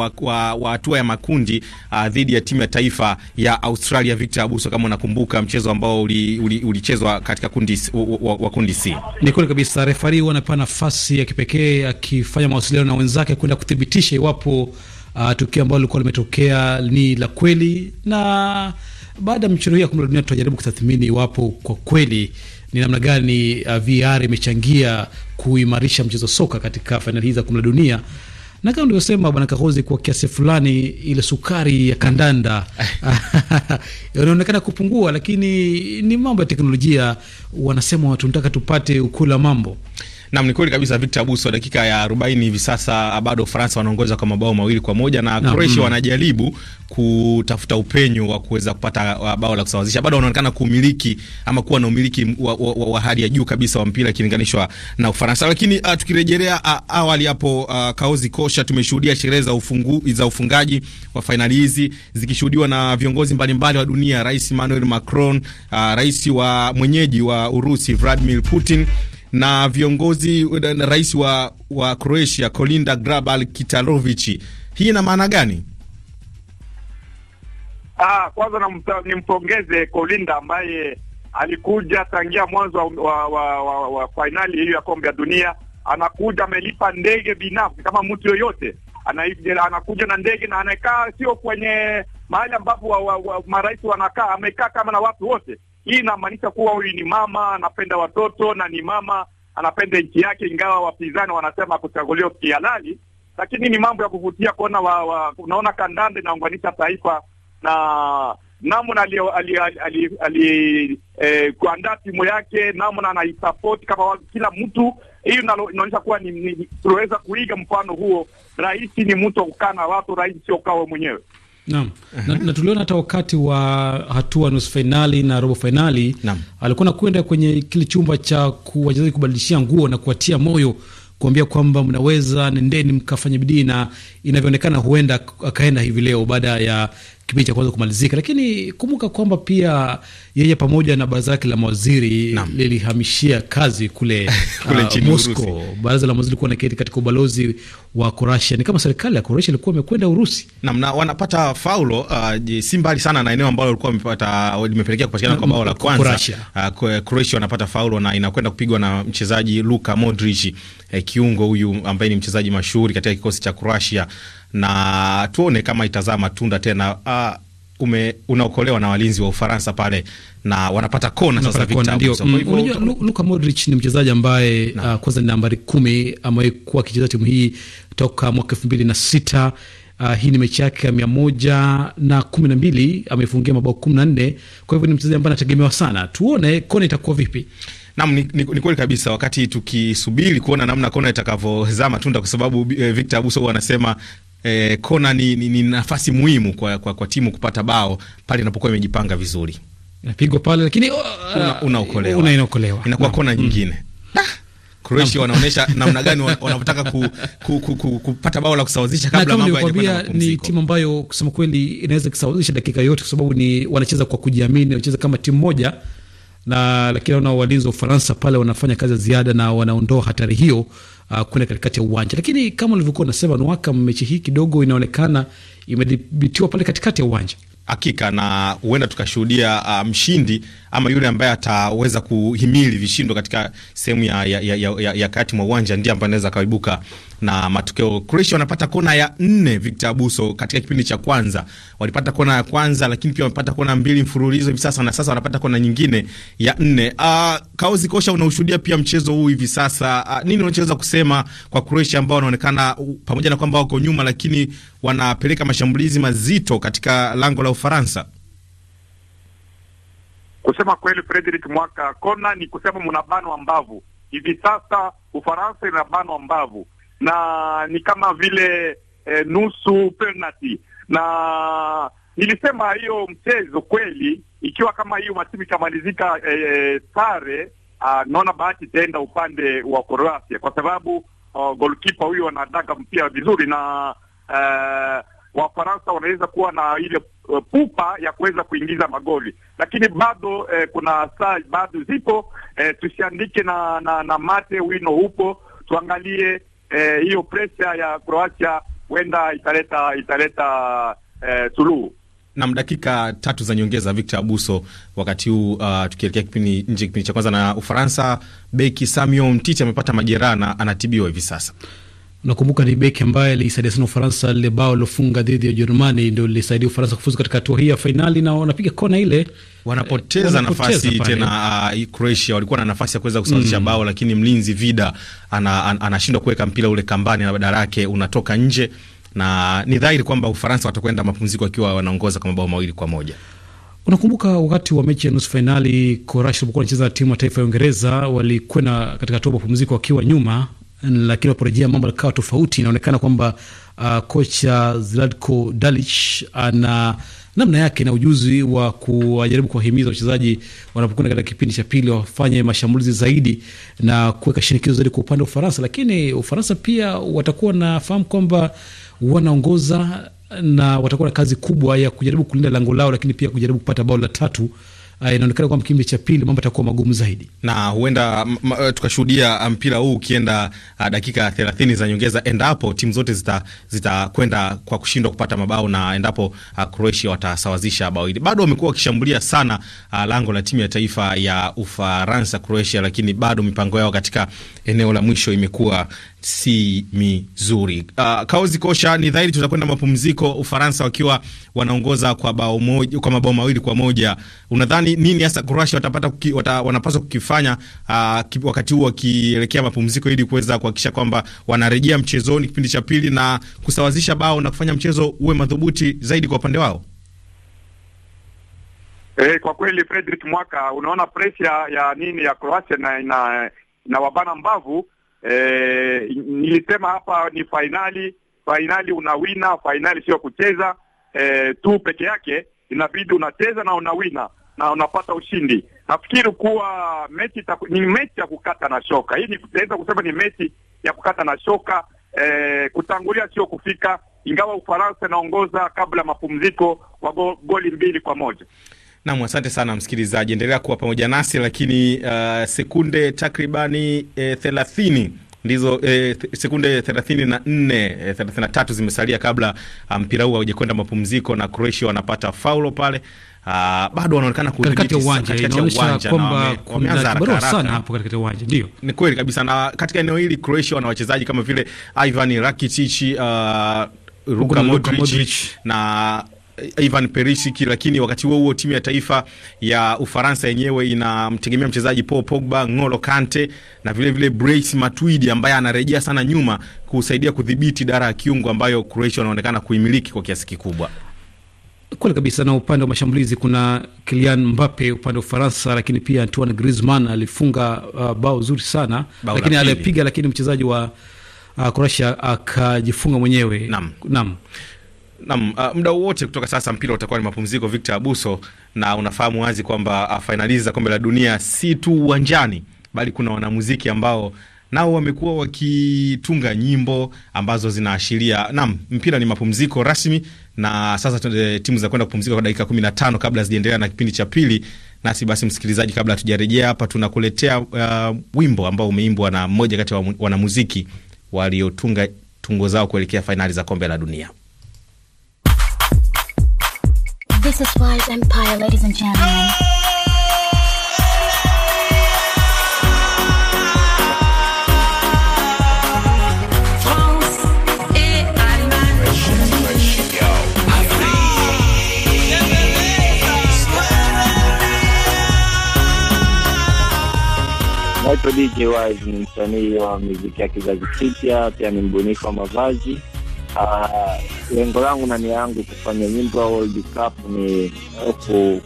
wa hatua ya makundi uh, dhidi ya timu ya taifa ya Australia. Victor Abuso, kama unakumbuka mchezo ambao ulichezwa uli, uli katika kundi wa, wa kundi C. Ni kweli kabisa, refari huwa anapewa nafasi ya kipekee akifanya mawasiliano na wenzake kwenda kuthibitisha iwapo uh, tukio ambalo lilikuwa limetokea ni la kweli, na baada ya mchezo hii ya kombe la dunia tutajaribu kutathmini iwapo kwa kweli ni namna gani uh, VR imechangia kuimarisha mchezo soka katika fainali hizi za kombe la dunia na kama ulivyosema Bwana Kahozi, kwa kiasi fulani ile sukari ya kandanda inaonekana kupungua, lakini ni mambo ya teknolojia. Wanasema tunataka tupate ukula mambo Nam, ni kweli kabisa Victor Abuso. Dakika ya 40 hivi sasa bado Ufaransa wanaongoza kwa mabao mawili kwa moja na Croatia mm-hmm. wanajaribu kutafuta upenyo wa kuweza kupata uh, bao la kusawazisha. Bado wanaonekana kumiliki ama kuwa na umiliki wa, wa, wa, wa hali ya juu kabisa wa mpira ikilinganishwa na Ufaransa. Lakini uh, tukirejelea uh, awali hapo uh, kaozi kosha, tumeshuhudia sherehe za ufungu, za ufungaji wa fainali hizi zikishuhudiwa na viongozi mbalimbali wa dunia, Rais Emmanuel Macron, uh, rais wa mwenyeji wa Urusi Vladimir Putin na viongozi na rais wa, wa Croatia Kolinda Grabal Kitarovichi. Hii ina maana gani? Ah, kwanza nimpongeze Kolinda ambaye alikuja tangia mwanzo wa, wa, wa, wa, wa fainali hiyo ya kombe ya dunia. Anakuja amelipa ndege binafsi kama mtu yoyote anakuja na ndege na anakaa sio kwenye mahali ambapo wa, wa, wa, marais wanakaa, amekaa kama na watu wote hii inamaanisha kuwa huyu ni mama anapenda watoto na ni mama anapenda nchi yake, ingawa wapinzani wanasema kuchaguliwa kihalali, lakini ni mambo ya kuvutia kuona wa, wa, unaona kandanda inaunganisha taifa na namna ali eh, timu yake, namna anaisapoti kama kila mtu. Hiyo inaonyesha kuwa tunaweza kuiga mfano huo. Rais ni mtu wa kukaa na watu, rais sio kawe mwenyewe. Naam. Na, na tuliona hata wakati wa hatua nusu fainali na robo fainali alikuwa nakwenda kwenye kile chumba cha wachezaji kubadilishia nguo na kuwatia moyo kuambia kwamba mnaweza, nendeni mkafanya bidii, na inavyoonekana huenda akaenda hivi leo baada ya kipindi cha kwanza kumalizika, lakini kumbuka kwamba pia yeye pamoja na baraza lake la mawaziri lilihamishia kazi kule, kule uh, Moscow. Baraza la mawaziri likuwa naketi katika ubalozi wa Kroatia, ni kama serikali ya Kroatia ilikuwa imekwenda Urusi nam, na wanapata faulo uh, si mbali sana na eneo ambalo likuwa limepata limepelekea kupatikana kwa bao la kwanza. Uh, wanapata faulo na inakwenda kupigwa na mchezaji Luka Modric eh, kiungo huyu ambaye ni mchezaji mashuhuri katika kikosi cha Kroatia na tuone kama itazaa matunda tena. Uh, ume, unaokolewa na walinzi wa Ufaransa pale na wanapata kona sasa vitabu. Unajua, Luka Modric ni mchezaji ambaye uh, kwanza ni nambari kumi, amewahi kuwa akicheza timu hii toka mwaka elfu mbili na sita. Uh, hii ni mechi yake ya mia moja na kumi na mbili amefungia mabao kumi na nne. Kwa hivyo ni mchezaji ambaye anategemewa sana, tuone kona itakuwa vipi. Naam, ni, ni, ni kweli kabisa, wakati tukisubiri kuona namna kona itakavyozaa matunda, kwa sababu eh, Victor Abuso anasema eh, kona ni, ni, ni nafasi muhimu kwa, kwa, kwa timu kupata bao pale inapokuwa imejipanga vizuri, inapigwa pale lakini uh, unaokolewa una una inakuwa kona nyingine mm. Ah! Croatia wanaonesha namna gani wanavyotaka ku, ku, ku, ku, kupata bao la kusawazisha kabla mambo hayajakwenda mapumziko. Ni timu ambayo kusema kweli inaweza kusawazisha dakika yote, kwa sababu ni wanacheza kwa kujiamini, wanacheza kama timu moja na lakini, naona walinzi wa Ufaransa pale wanafanya kazi ya ziada na wanaondoa hatari hiyo uh, kule katikati ya uwanja. Lakini kama ulivyokuwa unasema Nwaka, mechi hii kidogo inaonekana imedhibitiwa pale katikati ya uwanja hakika na huenda tukashuhudia uh, mshindi ama yule ambaye ataweza kuhimili vishindo katika sehemu ya, ya, ya, ya, ya ya kati mwa uwanja ndiye ambaye anaweza akaibuka na matokeo. Croatia wanapata kona ya nne, Victor Abuso, katika kipindi cha kwanza walipata kona ya kwanza, lakini pia wamepata kona mbili mfululizo hivi sasa, na sasa wanapata kona nyingine ya nne. Uh, ah, kauzi Kosha, unaushuhudia pia mchezo huu hivi sasa. Uh, nini unachoweza kusema kwa Croatia ambao wanaonekana uh, pamoja na kwamba wako nyuma, lakini wanapeleka mashambulizi mazito katika lango la Ufaransa? Kusema kweli, Frederick Mwaka Kona, ni kusema mnabano ambavu Hivi sasa Ufaransa inabanwa ambavu na ni kama vile e, nusu penalty, na nilisema hiyo mchezo kweli, ikiwa kama hiyo matimu ikamalizika e, eh, eh, sare, ah, naona bahati itaenda upande wa Croatia kwa sababu Uh, goalkeeper huyo anadaga mpira vizuri na uh, Wafaransa wanaweza kuwa na ile Eh, pupa ya kuweza kuingiza magoli, lakini bado eh, kuna saa bado zipo eh, tusiandike na, na, na mate wino hupo, tuangalie eh, hiyo presha ya Croatia huenda italeta italeta eh, suluhu nam dakika tatu za nyongeza, Victor Abuso, wakati huu uh, tukielekea kipindi nje, kipindi cha kwanza na Ufaransa. Beki Samuel Mtiti amepata majeraha na anatibiwa hivi sasa. Unakumbuka ni beki ambaye alisaidia sana Ufaransa lile bao lilofunga dhidi ya Ujerumani ndio lilisaidia Ufaransa kufuzu katika hatua hii ya fainali, na wanapiga kona ile wanapoteza, wanapoteza nafasi tena. Uh, Croatia walikuwa na nafasi ya kuweza kusawazisha mm, bao lakini mlinzi Vida anashindwa ana, ana kuweka mpira ule kambani na badala yake unatoka nje, na ni dhahiri kwamba Ufaransa watakwenda mapumziko akiwa wanaongoza kwa mabao mawili kwa moja. Unakumbuka wakati wa mechi ya nusu fainali Croatia ilipokuwa inacheza na timu ya taifa ya Uingereza, walikwenda katika hatua ya mapumziko wakiwa nyuma lakini waporejea mambo yakawa tofauti. Inaonekana kwamba uh, kocha Zlatko Dalic ana namna yake na ujuzi wa kuwajaribu kuwahimiza wachezaji wanapokwenda katika kipindi cha pili wafanye mashambulizi zaidi na kuweka shinikizo zaidi kwa upande wa Ufaransa. Lakini Ufaransa pia watakuwa wanafahamu kwamba wanaongoza na watakuwa na kazi kubwa ya kujaribu kulinda lango lao, lakini pia kujaribu kupata bao la tatu Ah, inaonekana kwamba kipindi cha pili mambo yatakuwa magumu zaidi, na huenda eh, tukashuhudia ah, mpira huu ukienda ah, dakika 30 za nyongeza, endapo timu zote zitakwenda zita kwa kushindwa kupata mabao na endapo Croatia watasawazisha bao hili. Bado wamekuwa wakishambulia sana a, lango la timu ya taifa ya Ufaransa Croatia, lakini bado mipango yao katika eneo la mwisho imekuwa si mizuri. Uh, Kaozi Kosha, ni dhahiri tutakwenda mapumziko, Ufaransa wakiwa wanaongoza kwa bao moja, kwa mabao mawili kwa moja. Unadhani nadhani nini hasa Kroatia watapata kuki, wata, wanapaswa kukifanya uh, wakati huu wakielekea mapumziko ili kuweza kuhakikisha kwamba wanarejea mchezoni kipindi cha pili na kusawazisha bao na kufanya mchezo uwe madhubuti zaidi kwa upande wao? Eh, kwa kweli Frederick Mwaka, unaona presha ya nini ya Croatia na, na, na wabana mbavu eh, nilisema hapa ni fainali, fainali unawina, fainali sio kucheza eh, tu peke yake, inabidi unacheza na unawina na unapata ushindi. Nafikiri kuwa mechi taku, ni mechi ya kukata na shoka. Hii naweza kusema ni mechi ya kukata na shoka eh, kutangulia sio kufika, ingawa Ufaransa inaongoza kabla ya mapumziko kwa go, goli mbili kwa moja. Nam, asante sana msikilizaji, endelea kuwa pamoja nasi lakini, uh, sekunde takribani eh, thelathini ndizo eh, sekunde 34 eh, tatu zimesalia kabla uh, mpira um, huu haujakwenda mapumziko, na Croatia wanapata faulo pale uh, bado wanaonekana kudhibiti uwanja kwamba sana hapo uwanja. Ndio, ni kweli kabisa, na katika eneo hili Croatia wana wachezaji kama vile Ivan Rakitic, uh, Luka Modric, na uh, Ivan Perisic, lakini wakati huo huo timu ya taifa ya Ufaransa yenyewe inamtegemea mchezaji Paul Pogba, Ngolo Kante na vile vile Blaise Matuidi ambaye anarejea sana nyuma kusaidia kudhibiti dara ya kiungo ambayo Croatia wanaonekana kuimiliki kwa kiasi kikubwa. Kweli kabisa. Na upande wa mashambulizi kuna Kylian Mbappe upande wa Ufaransa, lakini pia Antoine Griezmann alifunga uh, bao zuri sana bao, lakini alipiga, lakini mchezaji wa uh, Croatia akajifunga uh, mwenyewe. Naam, naam. Naam, uh, muda wote kutoka sasa mpira utakuwa ni mapumziko, Victor Abuso, na unafahamu wazi kwamba uh, fainali za kombe la dunia si tu uwanjani, bali kuna wanamuziki ambao nao wamekuwa wakitunga nyimbo ambazo zinaashiria. Naam, mpira ni mapumziko rasmi na sasa timu za kwenda kupumzika kwa dakika 1na tano kabla hazijaendelea na kipindi cha pili. Nasi basi, msikilizaji, kabla hatujarejea hapa, tunakuletea uh, wimbo ambao umeimbwa na mmoja kati ya wanamuziki waliotunga tungo zao kuelekea fainali za kombe la dunia. This is Naitwa DJ Wise, ni msanii wa muziki ya kizazi kipya, pia ni mbunifu wa mavazi. Ah, lengo langu na nia yangu kufanya nyimbo ya World Cup ni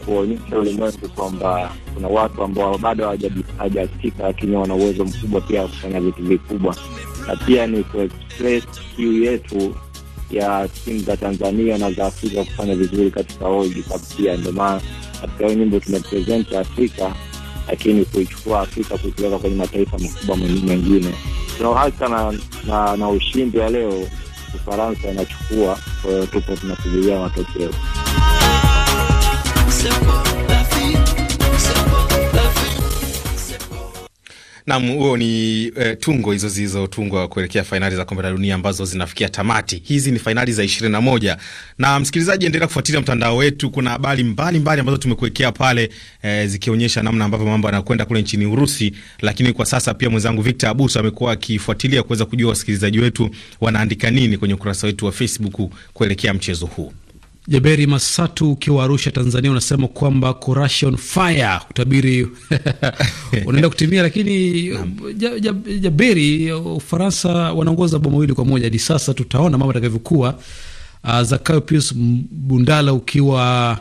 kuonyesha ulimwengu kwamba kuna watu ambao bado hawajasikika, lakini wana uwezo mkubwa pia wa kufanya vitu vikubwa, na pia ni kuexpress kiu yetu ya timu za Tanzania na za Afrika kufanya vizuri katika World Cup. Pia ndio maana katika hiyo nyimbo tumepresent Afrika lakini kuichukua Afrika kuipeleka kwenye mataifa makubwa mengine. Tuna uhakika na, na, na ushindi wa leo Ufaransa inachukua. Kwa hiyo tupo tunasubiria matokeo. Nam, huo ni e, tungo hizo zilizotungwa kuelekea fainali za kombe la dunia ambazo zinafikia tamati. Hizi ni fainali za ishirini na moja na msikilizaji, endelea kufuatilia mtandao wetu. Kuna habari mbalimbali ambazo tumekuwekea pale e, zikionyesha namna ambavyo mambo yanakwenda kule nchini Urusi, lakini kwa sasa pia mwenzangu Victor Abuso amekuwa akifuatilia kuweza kujua wasikilizaji wetu wanaandika nini kwenye ukurasa wetu wa Facebook kuelekea mchezo huu. Jaberi Masatu ukiwa Arusha, Tanzania, unasema kwamba Russia on fire kutabiri unaenda kutimia, lakini Jaberi, Ufaransa wanaongoza bao mawili kwa moja hadi sasa. Tutaona mambo atakavyokuwa. Uh, Zakayo Pius Bundala ukiwa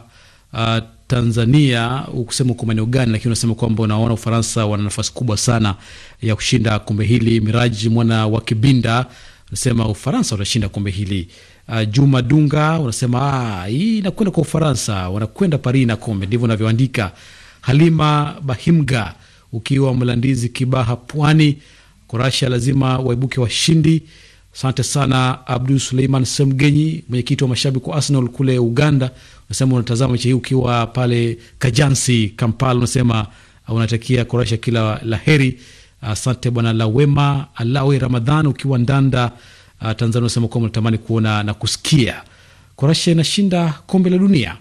uh, Tanzania ukusema uko maeneo gani, lakini unasema kwamba unaona Ufaransa wana nafasi kubwa sana ya kushinda kombe hili. Miraji mwana wa Kibinda anasema Ufaransa watashinda kombe hili. Uh, Juma Dunga unasema ah, hii inakwenda kwa Ufaransa, wanakwenda Paris na kombe, ndivyo unavyoandika. Halima Bahimga ukiwa Mlandizi, Kibaha, Pwani, Korasha, lazima waibuke washindi. Asante sana Abdu Suleiman Semgenyi, mwenyekiti wa mashabiki wa Arsenal kule Uganda, unasema unatazama mechi hii ukiwa pale Kajansi, Kampala. Unasema ah, unatakia Korasha kila la heri. Asante bwana Lawema Alawe Ramadhan ukiwa Ndanda uh, Tanzania unasema kwamba unatamani kuona na kusikia korasia inashinda kombe la dunia.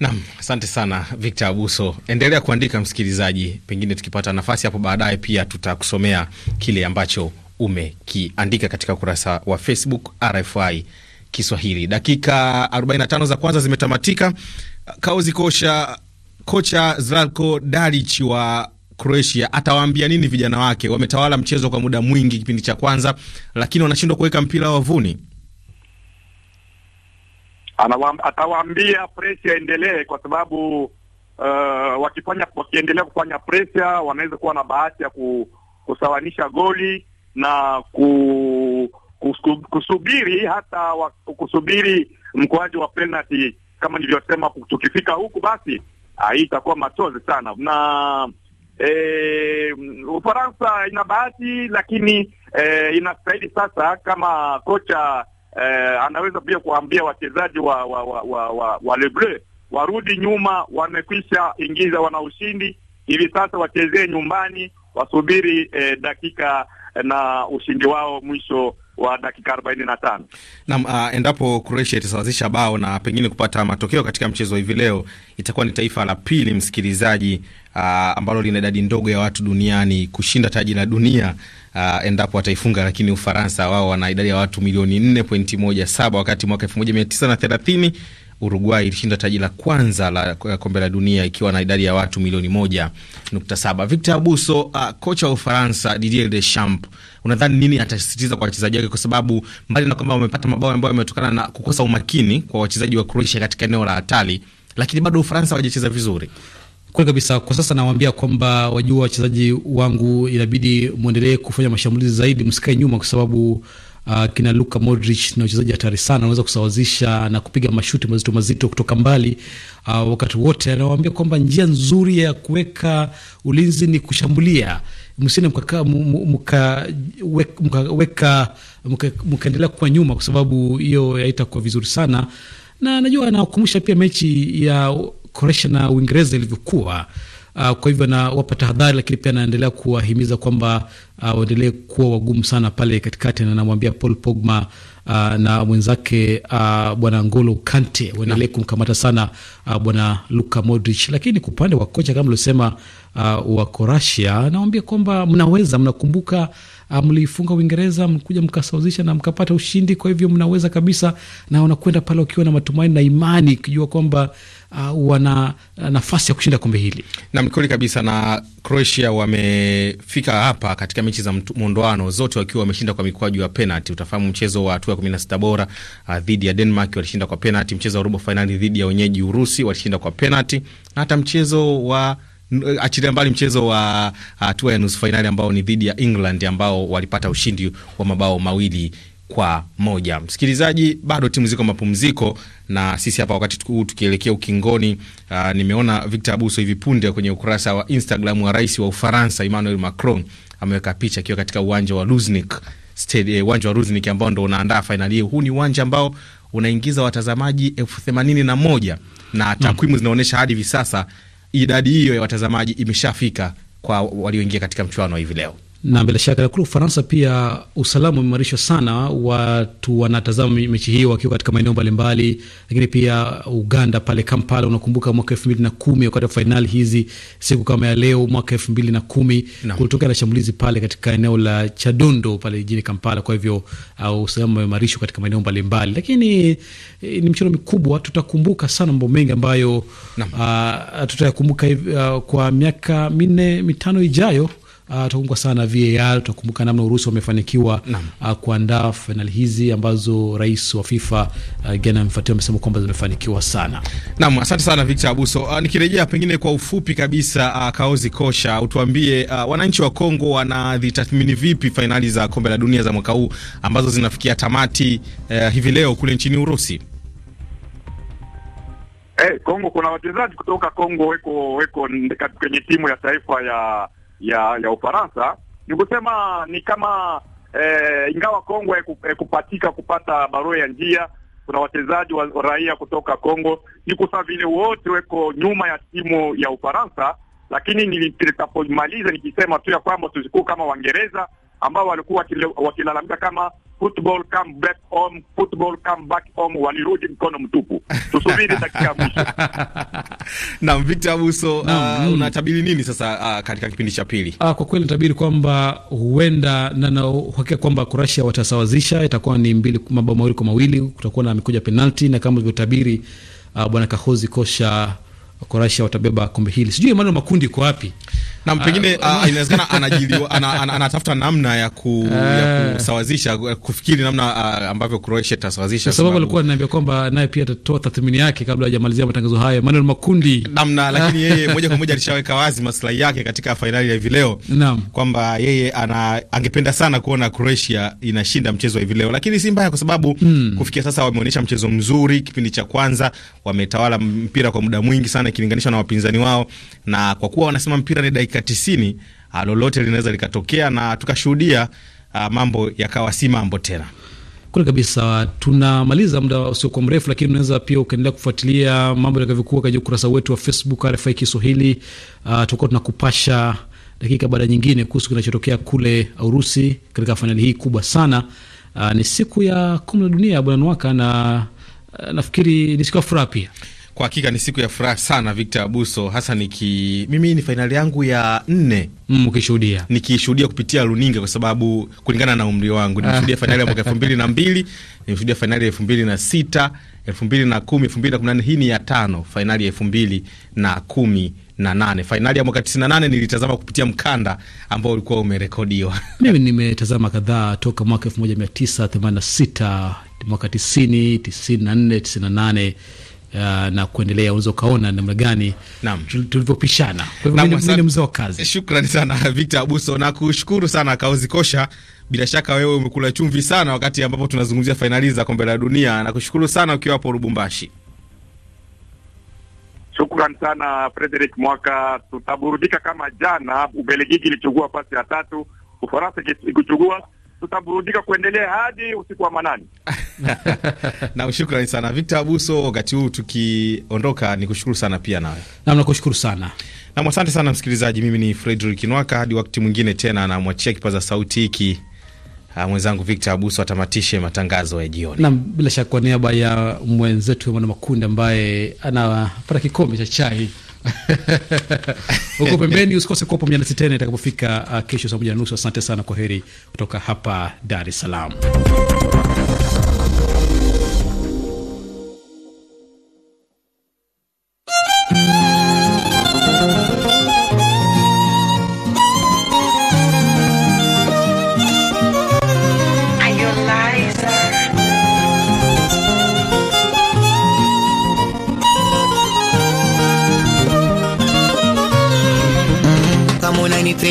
Nam, asante sana Victor Abuso. Endelea kuandika msikilizaji, pengine tukipata nafasi hapo baadaye pia tutakusomea kile ambacho umekiandika katika ukurasa wa Facebook RFI Kiswahili. Dakika 45 za kwanza zimetamatika. Kauzi kocha Zlatko Dalic wa Croatia atawaambia nini vijana wake? Wametawala mchezo kwa muda mwingi kipindi cha kwanza, lakini wanashindwa kuweka mpira wavuni. Atawaambia presha endelee, kwa sababu uh, wakifanya wakiendelea kufanya presha wanaweza kuwa na bahati ya kusawanisha goli na ku, kusubiri hata wa, kusubiri mkoaji wa penalty. Kama nilivyosema, tukifika huku basi hii ah, itakuwa machozi sana na E, Ufaransa ina bahati lakini e, inastahili sasa kama kocha e, anaweza pia kuambia wachezaji wa wa wa, wa, wa, wa Le Bleu warudi nyuma, wamekwisha ingiza, wana ushindi hivi sasa, wachezee nyumbani, wasubiri e, dakika na ushindi wao mwisho wa dakika 45. Naam, uh, endapo Croatia itasawazisha bao na pengine kupata matokeo katika mchezo hivi leo, itakuwa ni taifa la pili msikilizaji, uh, ambalo lina idadi ndogo ya watu duniani kushinda taji la dunia uh, endapo wataifunga. Lakini Ufaransa wao wana idadi ya watu milioni 4.17 wakati mwaka 1930 Uruguay ilishinda taji la kwanza la kombe la dunia ikiwa na idadi ya watu milioni moja nukta saba. Victor Abuso, uh, kocha wa Ufaransa Didier Deschamps, unadhani nini atasisitiza kwa wachezaji wake, kwa sababu mbali na kwamba wamepata mabao ambayo yametokana na kukosa umakini kwa wachezaji wa Croatia katika eneo la hatari, lakini bado Ufaransa hawajacheza vizuri kweli kabisa. Kwa sasa nawaambia kwamba wajua, wachezaji wangu, inabidi mwendelee kufanya mashambulizi zaidi, msikae nyuma, kwa sababu uh, kina Luka Modric na wachezaji hatari sana, wanaweza kusawazisha na kupiga mashuti mazito mazito kutoka mbali uh, wakati wote. Anawaambia kwamba njia nzuri ya kuweka ulinzi ni kushambulia, msine mkaweka mkaendelea kwa nyuma, kwa sababu hiyo haitakuwa vizuri sana, na najua anakumbusha pia mechi ya Croatia na Uingereza ilivyokuwa Uh, kwa hivyo nawapa tahadhari, lakini pia naendelea kuwahimiza kwamba ah, waendelee uh, kuwa wagumu sana pale katikati, na namwambia Paul Pogba uh, na mwenzake uh, bwana Ngolo Kante waendelee kumkamata sana uh, bwana Luka Modric. Lakini kwa upande wa kocha kama ulivyosema, uh, wako Rasia, nawambia kwamba mnaweza, mnakumbuka Ah, mliifunga Uingereza, mkuja mkasauzisha na mkapata ushindi. Kwa hivyo mnaweza kabisa, na wanakwenda pale wakiwa na matumaini na imani, kijua kwamba uh, wana ah, nafasi ya kushinda kombe hili. Na kweli kabisa, na Croatia wamefika hapa katika mechi za mwondoano zote wakiwa wameshinda kwa mikwaju ya penalti. Utafahamu mchezo wa hatua ya kumi na sita bora uh, dhidi ya Denmark walishinda kwa penalti, mchezo wa robo fainali dhidi ya wenyeji Urusi walishinda kwa penalti, na hata mchezo wa Eh, achilia mbali mchezo wa ah, hatua ya nusu fainali ambao ni dhidi ya England ambao walipata ushindi wa mabao mawili kwa moja. Msikilizaji, bado timu ziko mapumziko na sisi hapa wakati huu tukielekea ukingoni. Uh, nimeona Victor Abuso hivi punde kwenye ukurasa wa Instagram wa rais wa Ufaransa Emmanuel Macron ameweka picha akiwa katika uwanja wa Luznik stadium, eh, uwanja wa Luznik ambao ndo unaandaa fainali hiyo. Huu ni uwanja ambao unaingiza watazamaji elfu themanini na moja na takwimu mm, zinaonyesha hadi hivi sasa idadi hiyo ya watazamaji imeshafika kwa walioingia katika mchuano hivi leo na bila shaka la kule Ufaransa pia usalama umeimarishwa sana. Watu wanatazama mechi hiyo wakiwa katika maeneo mbalimbali, lakini pia Uganda pale Kampala, unakumbuka mwaka elfu mbili na kumi wakati wa fainali hizi siku kama ya leo mwaka elfu mbili na kumi kulitokea na shambulizi pale katika eneo la Chadundo pale jijini Kampala. Kwa hivyo uh, usalama umeimarishwa katika maeneo mbalimbali, lakini eh, ni michoro mikubwa. Tutakumbuka sana mambo mengi ambayo uh, tutayakumbuka uh, kwa miaka minne mitano ijayo. Uh, ah, tutakumbuka sana VAR, tutakumbuka namna Urusi wamefanikiwa uh, kuandaa fainali hizi ambazo rais wa FIFA uh, Gianni Infantino amesema kwamba zimefanikiwa sana. Naam, asante sana Victor Abuso. Uh, nikirejea pengine kwa ufupi kabisa, uh, Kaozi Kosha, utuambie uh, wananchi wa Kongo wanazitathmini vipi fainali za kombe la dunia za mwaka huu ambazo zinafikia tamati uh, hivi leo kule nchini Urusi? Hey, eh, Kongo kuna wachezaji kutoka Kongo weko weko kwenye timu ya taifa ya ya ya Ufaransa ni kusema ni kama eh, ingawa Kongo haikupatika kupata barua ya njia, kuna wachezaji wa raia kutoka Kongo, ni kusema vile wote weko nyuma ya timu ya Ufaransa, lakini nilitapomaliza nikisema tu ya kwamba tusikuu kama Waingereza ambao walikuwa wakilalamika kama football come back home, football come back home, walirudi mkono mtupu. Tusubiri dakika mwisho. Naam, Victor Abuso, uh, unatabiri nini sasa uh, katika kipindi cha pili? Ah, kwa kweli natabiri kwamba huenda na na uhakika kwamba Croatia watasawazisha, itakuwa ni mbili mabao mawili kwa mawili, kutakuwa na mikoja penalti na kama ulivyotabiri uh, bwana Kahozi Kosha Croatia watabeba kombe hili. Sijui Emmanuel Makundi kwa wapi? na pengine uh, inawezekana anajiliwa ana, ana, ana anatafuta namna ya, ku, uh, ya ah. kusawazisha kufikiri namna uh, ambavyo Croatia itasawazisha, kwa sababu alikuwa ananiambia kwamba naye pia atatoa tathmini yake kabla hajamalizia matangazo haya. Manuel Makundi namna, lakini yeye moja kwa moja alishaweka wazi maslahi yake katika fainali ya hivi leo kwamba yeye ana, angependa sana kuona Croatia inashinda mchezo wa hivi leo, lakini si mbaya kwa sababu mm, kufikia sasa wameonyesha mchezo mzuri. Kipindi cha kwanza wametawala mpira kwa muda mwingi sana ikilinganishwa na wapinzani wao, na kwa kuwa wanasema mpira ni dakika dakika tisini ah, lolote linaweza likatokea na tukashuhudia ah, mambo yakawa si mambo tena kule kabisa. Tunamaliza muda usiokuwa mrefu, lakini unaweza pia ukaendelea kufuatilia mambo yatakavyokuwa katika ukurasa wetu wa Facebook RFI Kiswahili. Uh, tutakuwa tunakupasha dakika baada nyingine kuhusu kinachotokea kule Urusi katika fainali hii kubwa sana. Uh, ni siku ya kombe la dunia bwana Nwaka na uh, nafikiri ni siku ya furaha pia kwa hakika ni siku ya furaha sana, Victor Abuso, hasa niki mimi ni fainali yangu ya nne mm, ukishuhudia nikishuhudia kupitia runinga, kwa sababu kulingana na umri wangu nimeshuhudia ah. fainali ya mwaka elfu mbili na mbili nimeshuhudia fainali ya elfu mbili na sita elfu mbili na kumi elfu mbili na kumi na nane Hii ni ya tano, fainali ya elfu mbili na kumi na nane fainali ya mwaka tisini na nane nilitazama kupitia mkanda ambao ulikuwa umerekodiwa. Mimi nimetazama kadhaa toka mwaka elfu moja mia tisa themanini na sita mwaka tisini tisini na nne tisini na nane Uh, na kuendelea unaweza ukaona namna gani tulivyopishana. Kwa hivyo mimi ni mzee wa kazi. Eh, shukrani sana Victor Abuso, na kushukuru sana Kauzi Kosha. Bila shaka wewe umekula chumvi sana wakati ambapo tunazungumzia fainali za kombe la dunia, na kushukuru sana ukiwa hapo Lubumbashi. Shukrani sana Frederick Mwaka, tutaburudika kama jana. Ubelgiji ilichukua pasi ya tatu, Ufaransa ikichukua tutaburudika kuendelea hadi usiku wa manane. na ushukrani sana Victor Abuso, wakati huu tukiondoka, ni kushukuru sana pia nawe. Naam, nakushukuru sana nam, asante sana msikilizaji. Mimi ni Fredrik Nwaka, hadi wakati mwingine tena, namwachia kipaza sauti hiki ah, mwenzangu Victor Abuso atamatishe matangazo ya jioni. Nam, bila shaka kwa niaba ya mwenzetu Mwana Makundi ambaye anapata kikombe cha chai huko pembeni, usikose kuwa pamoja nasi tena itakapofika uh, kesho saa moja na nusu. Asante sana, kwa heri kutoka hapa Dar es Salaam.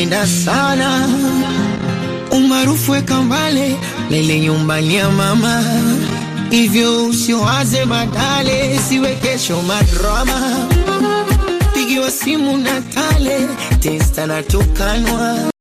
nakupenda sana, umaarufu weka mbale lele nyumbani ya mama, hivyo usiwaze badale, siwe kesho madrama, pigiwa simu na tale testa natukanwa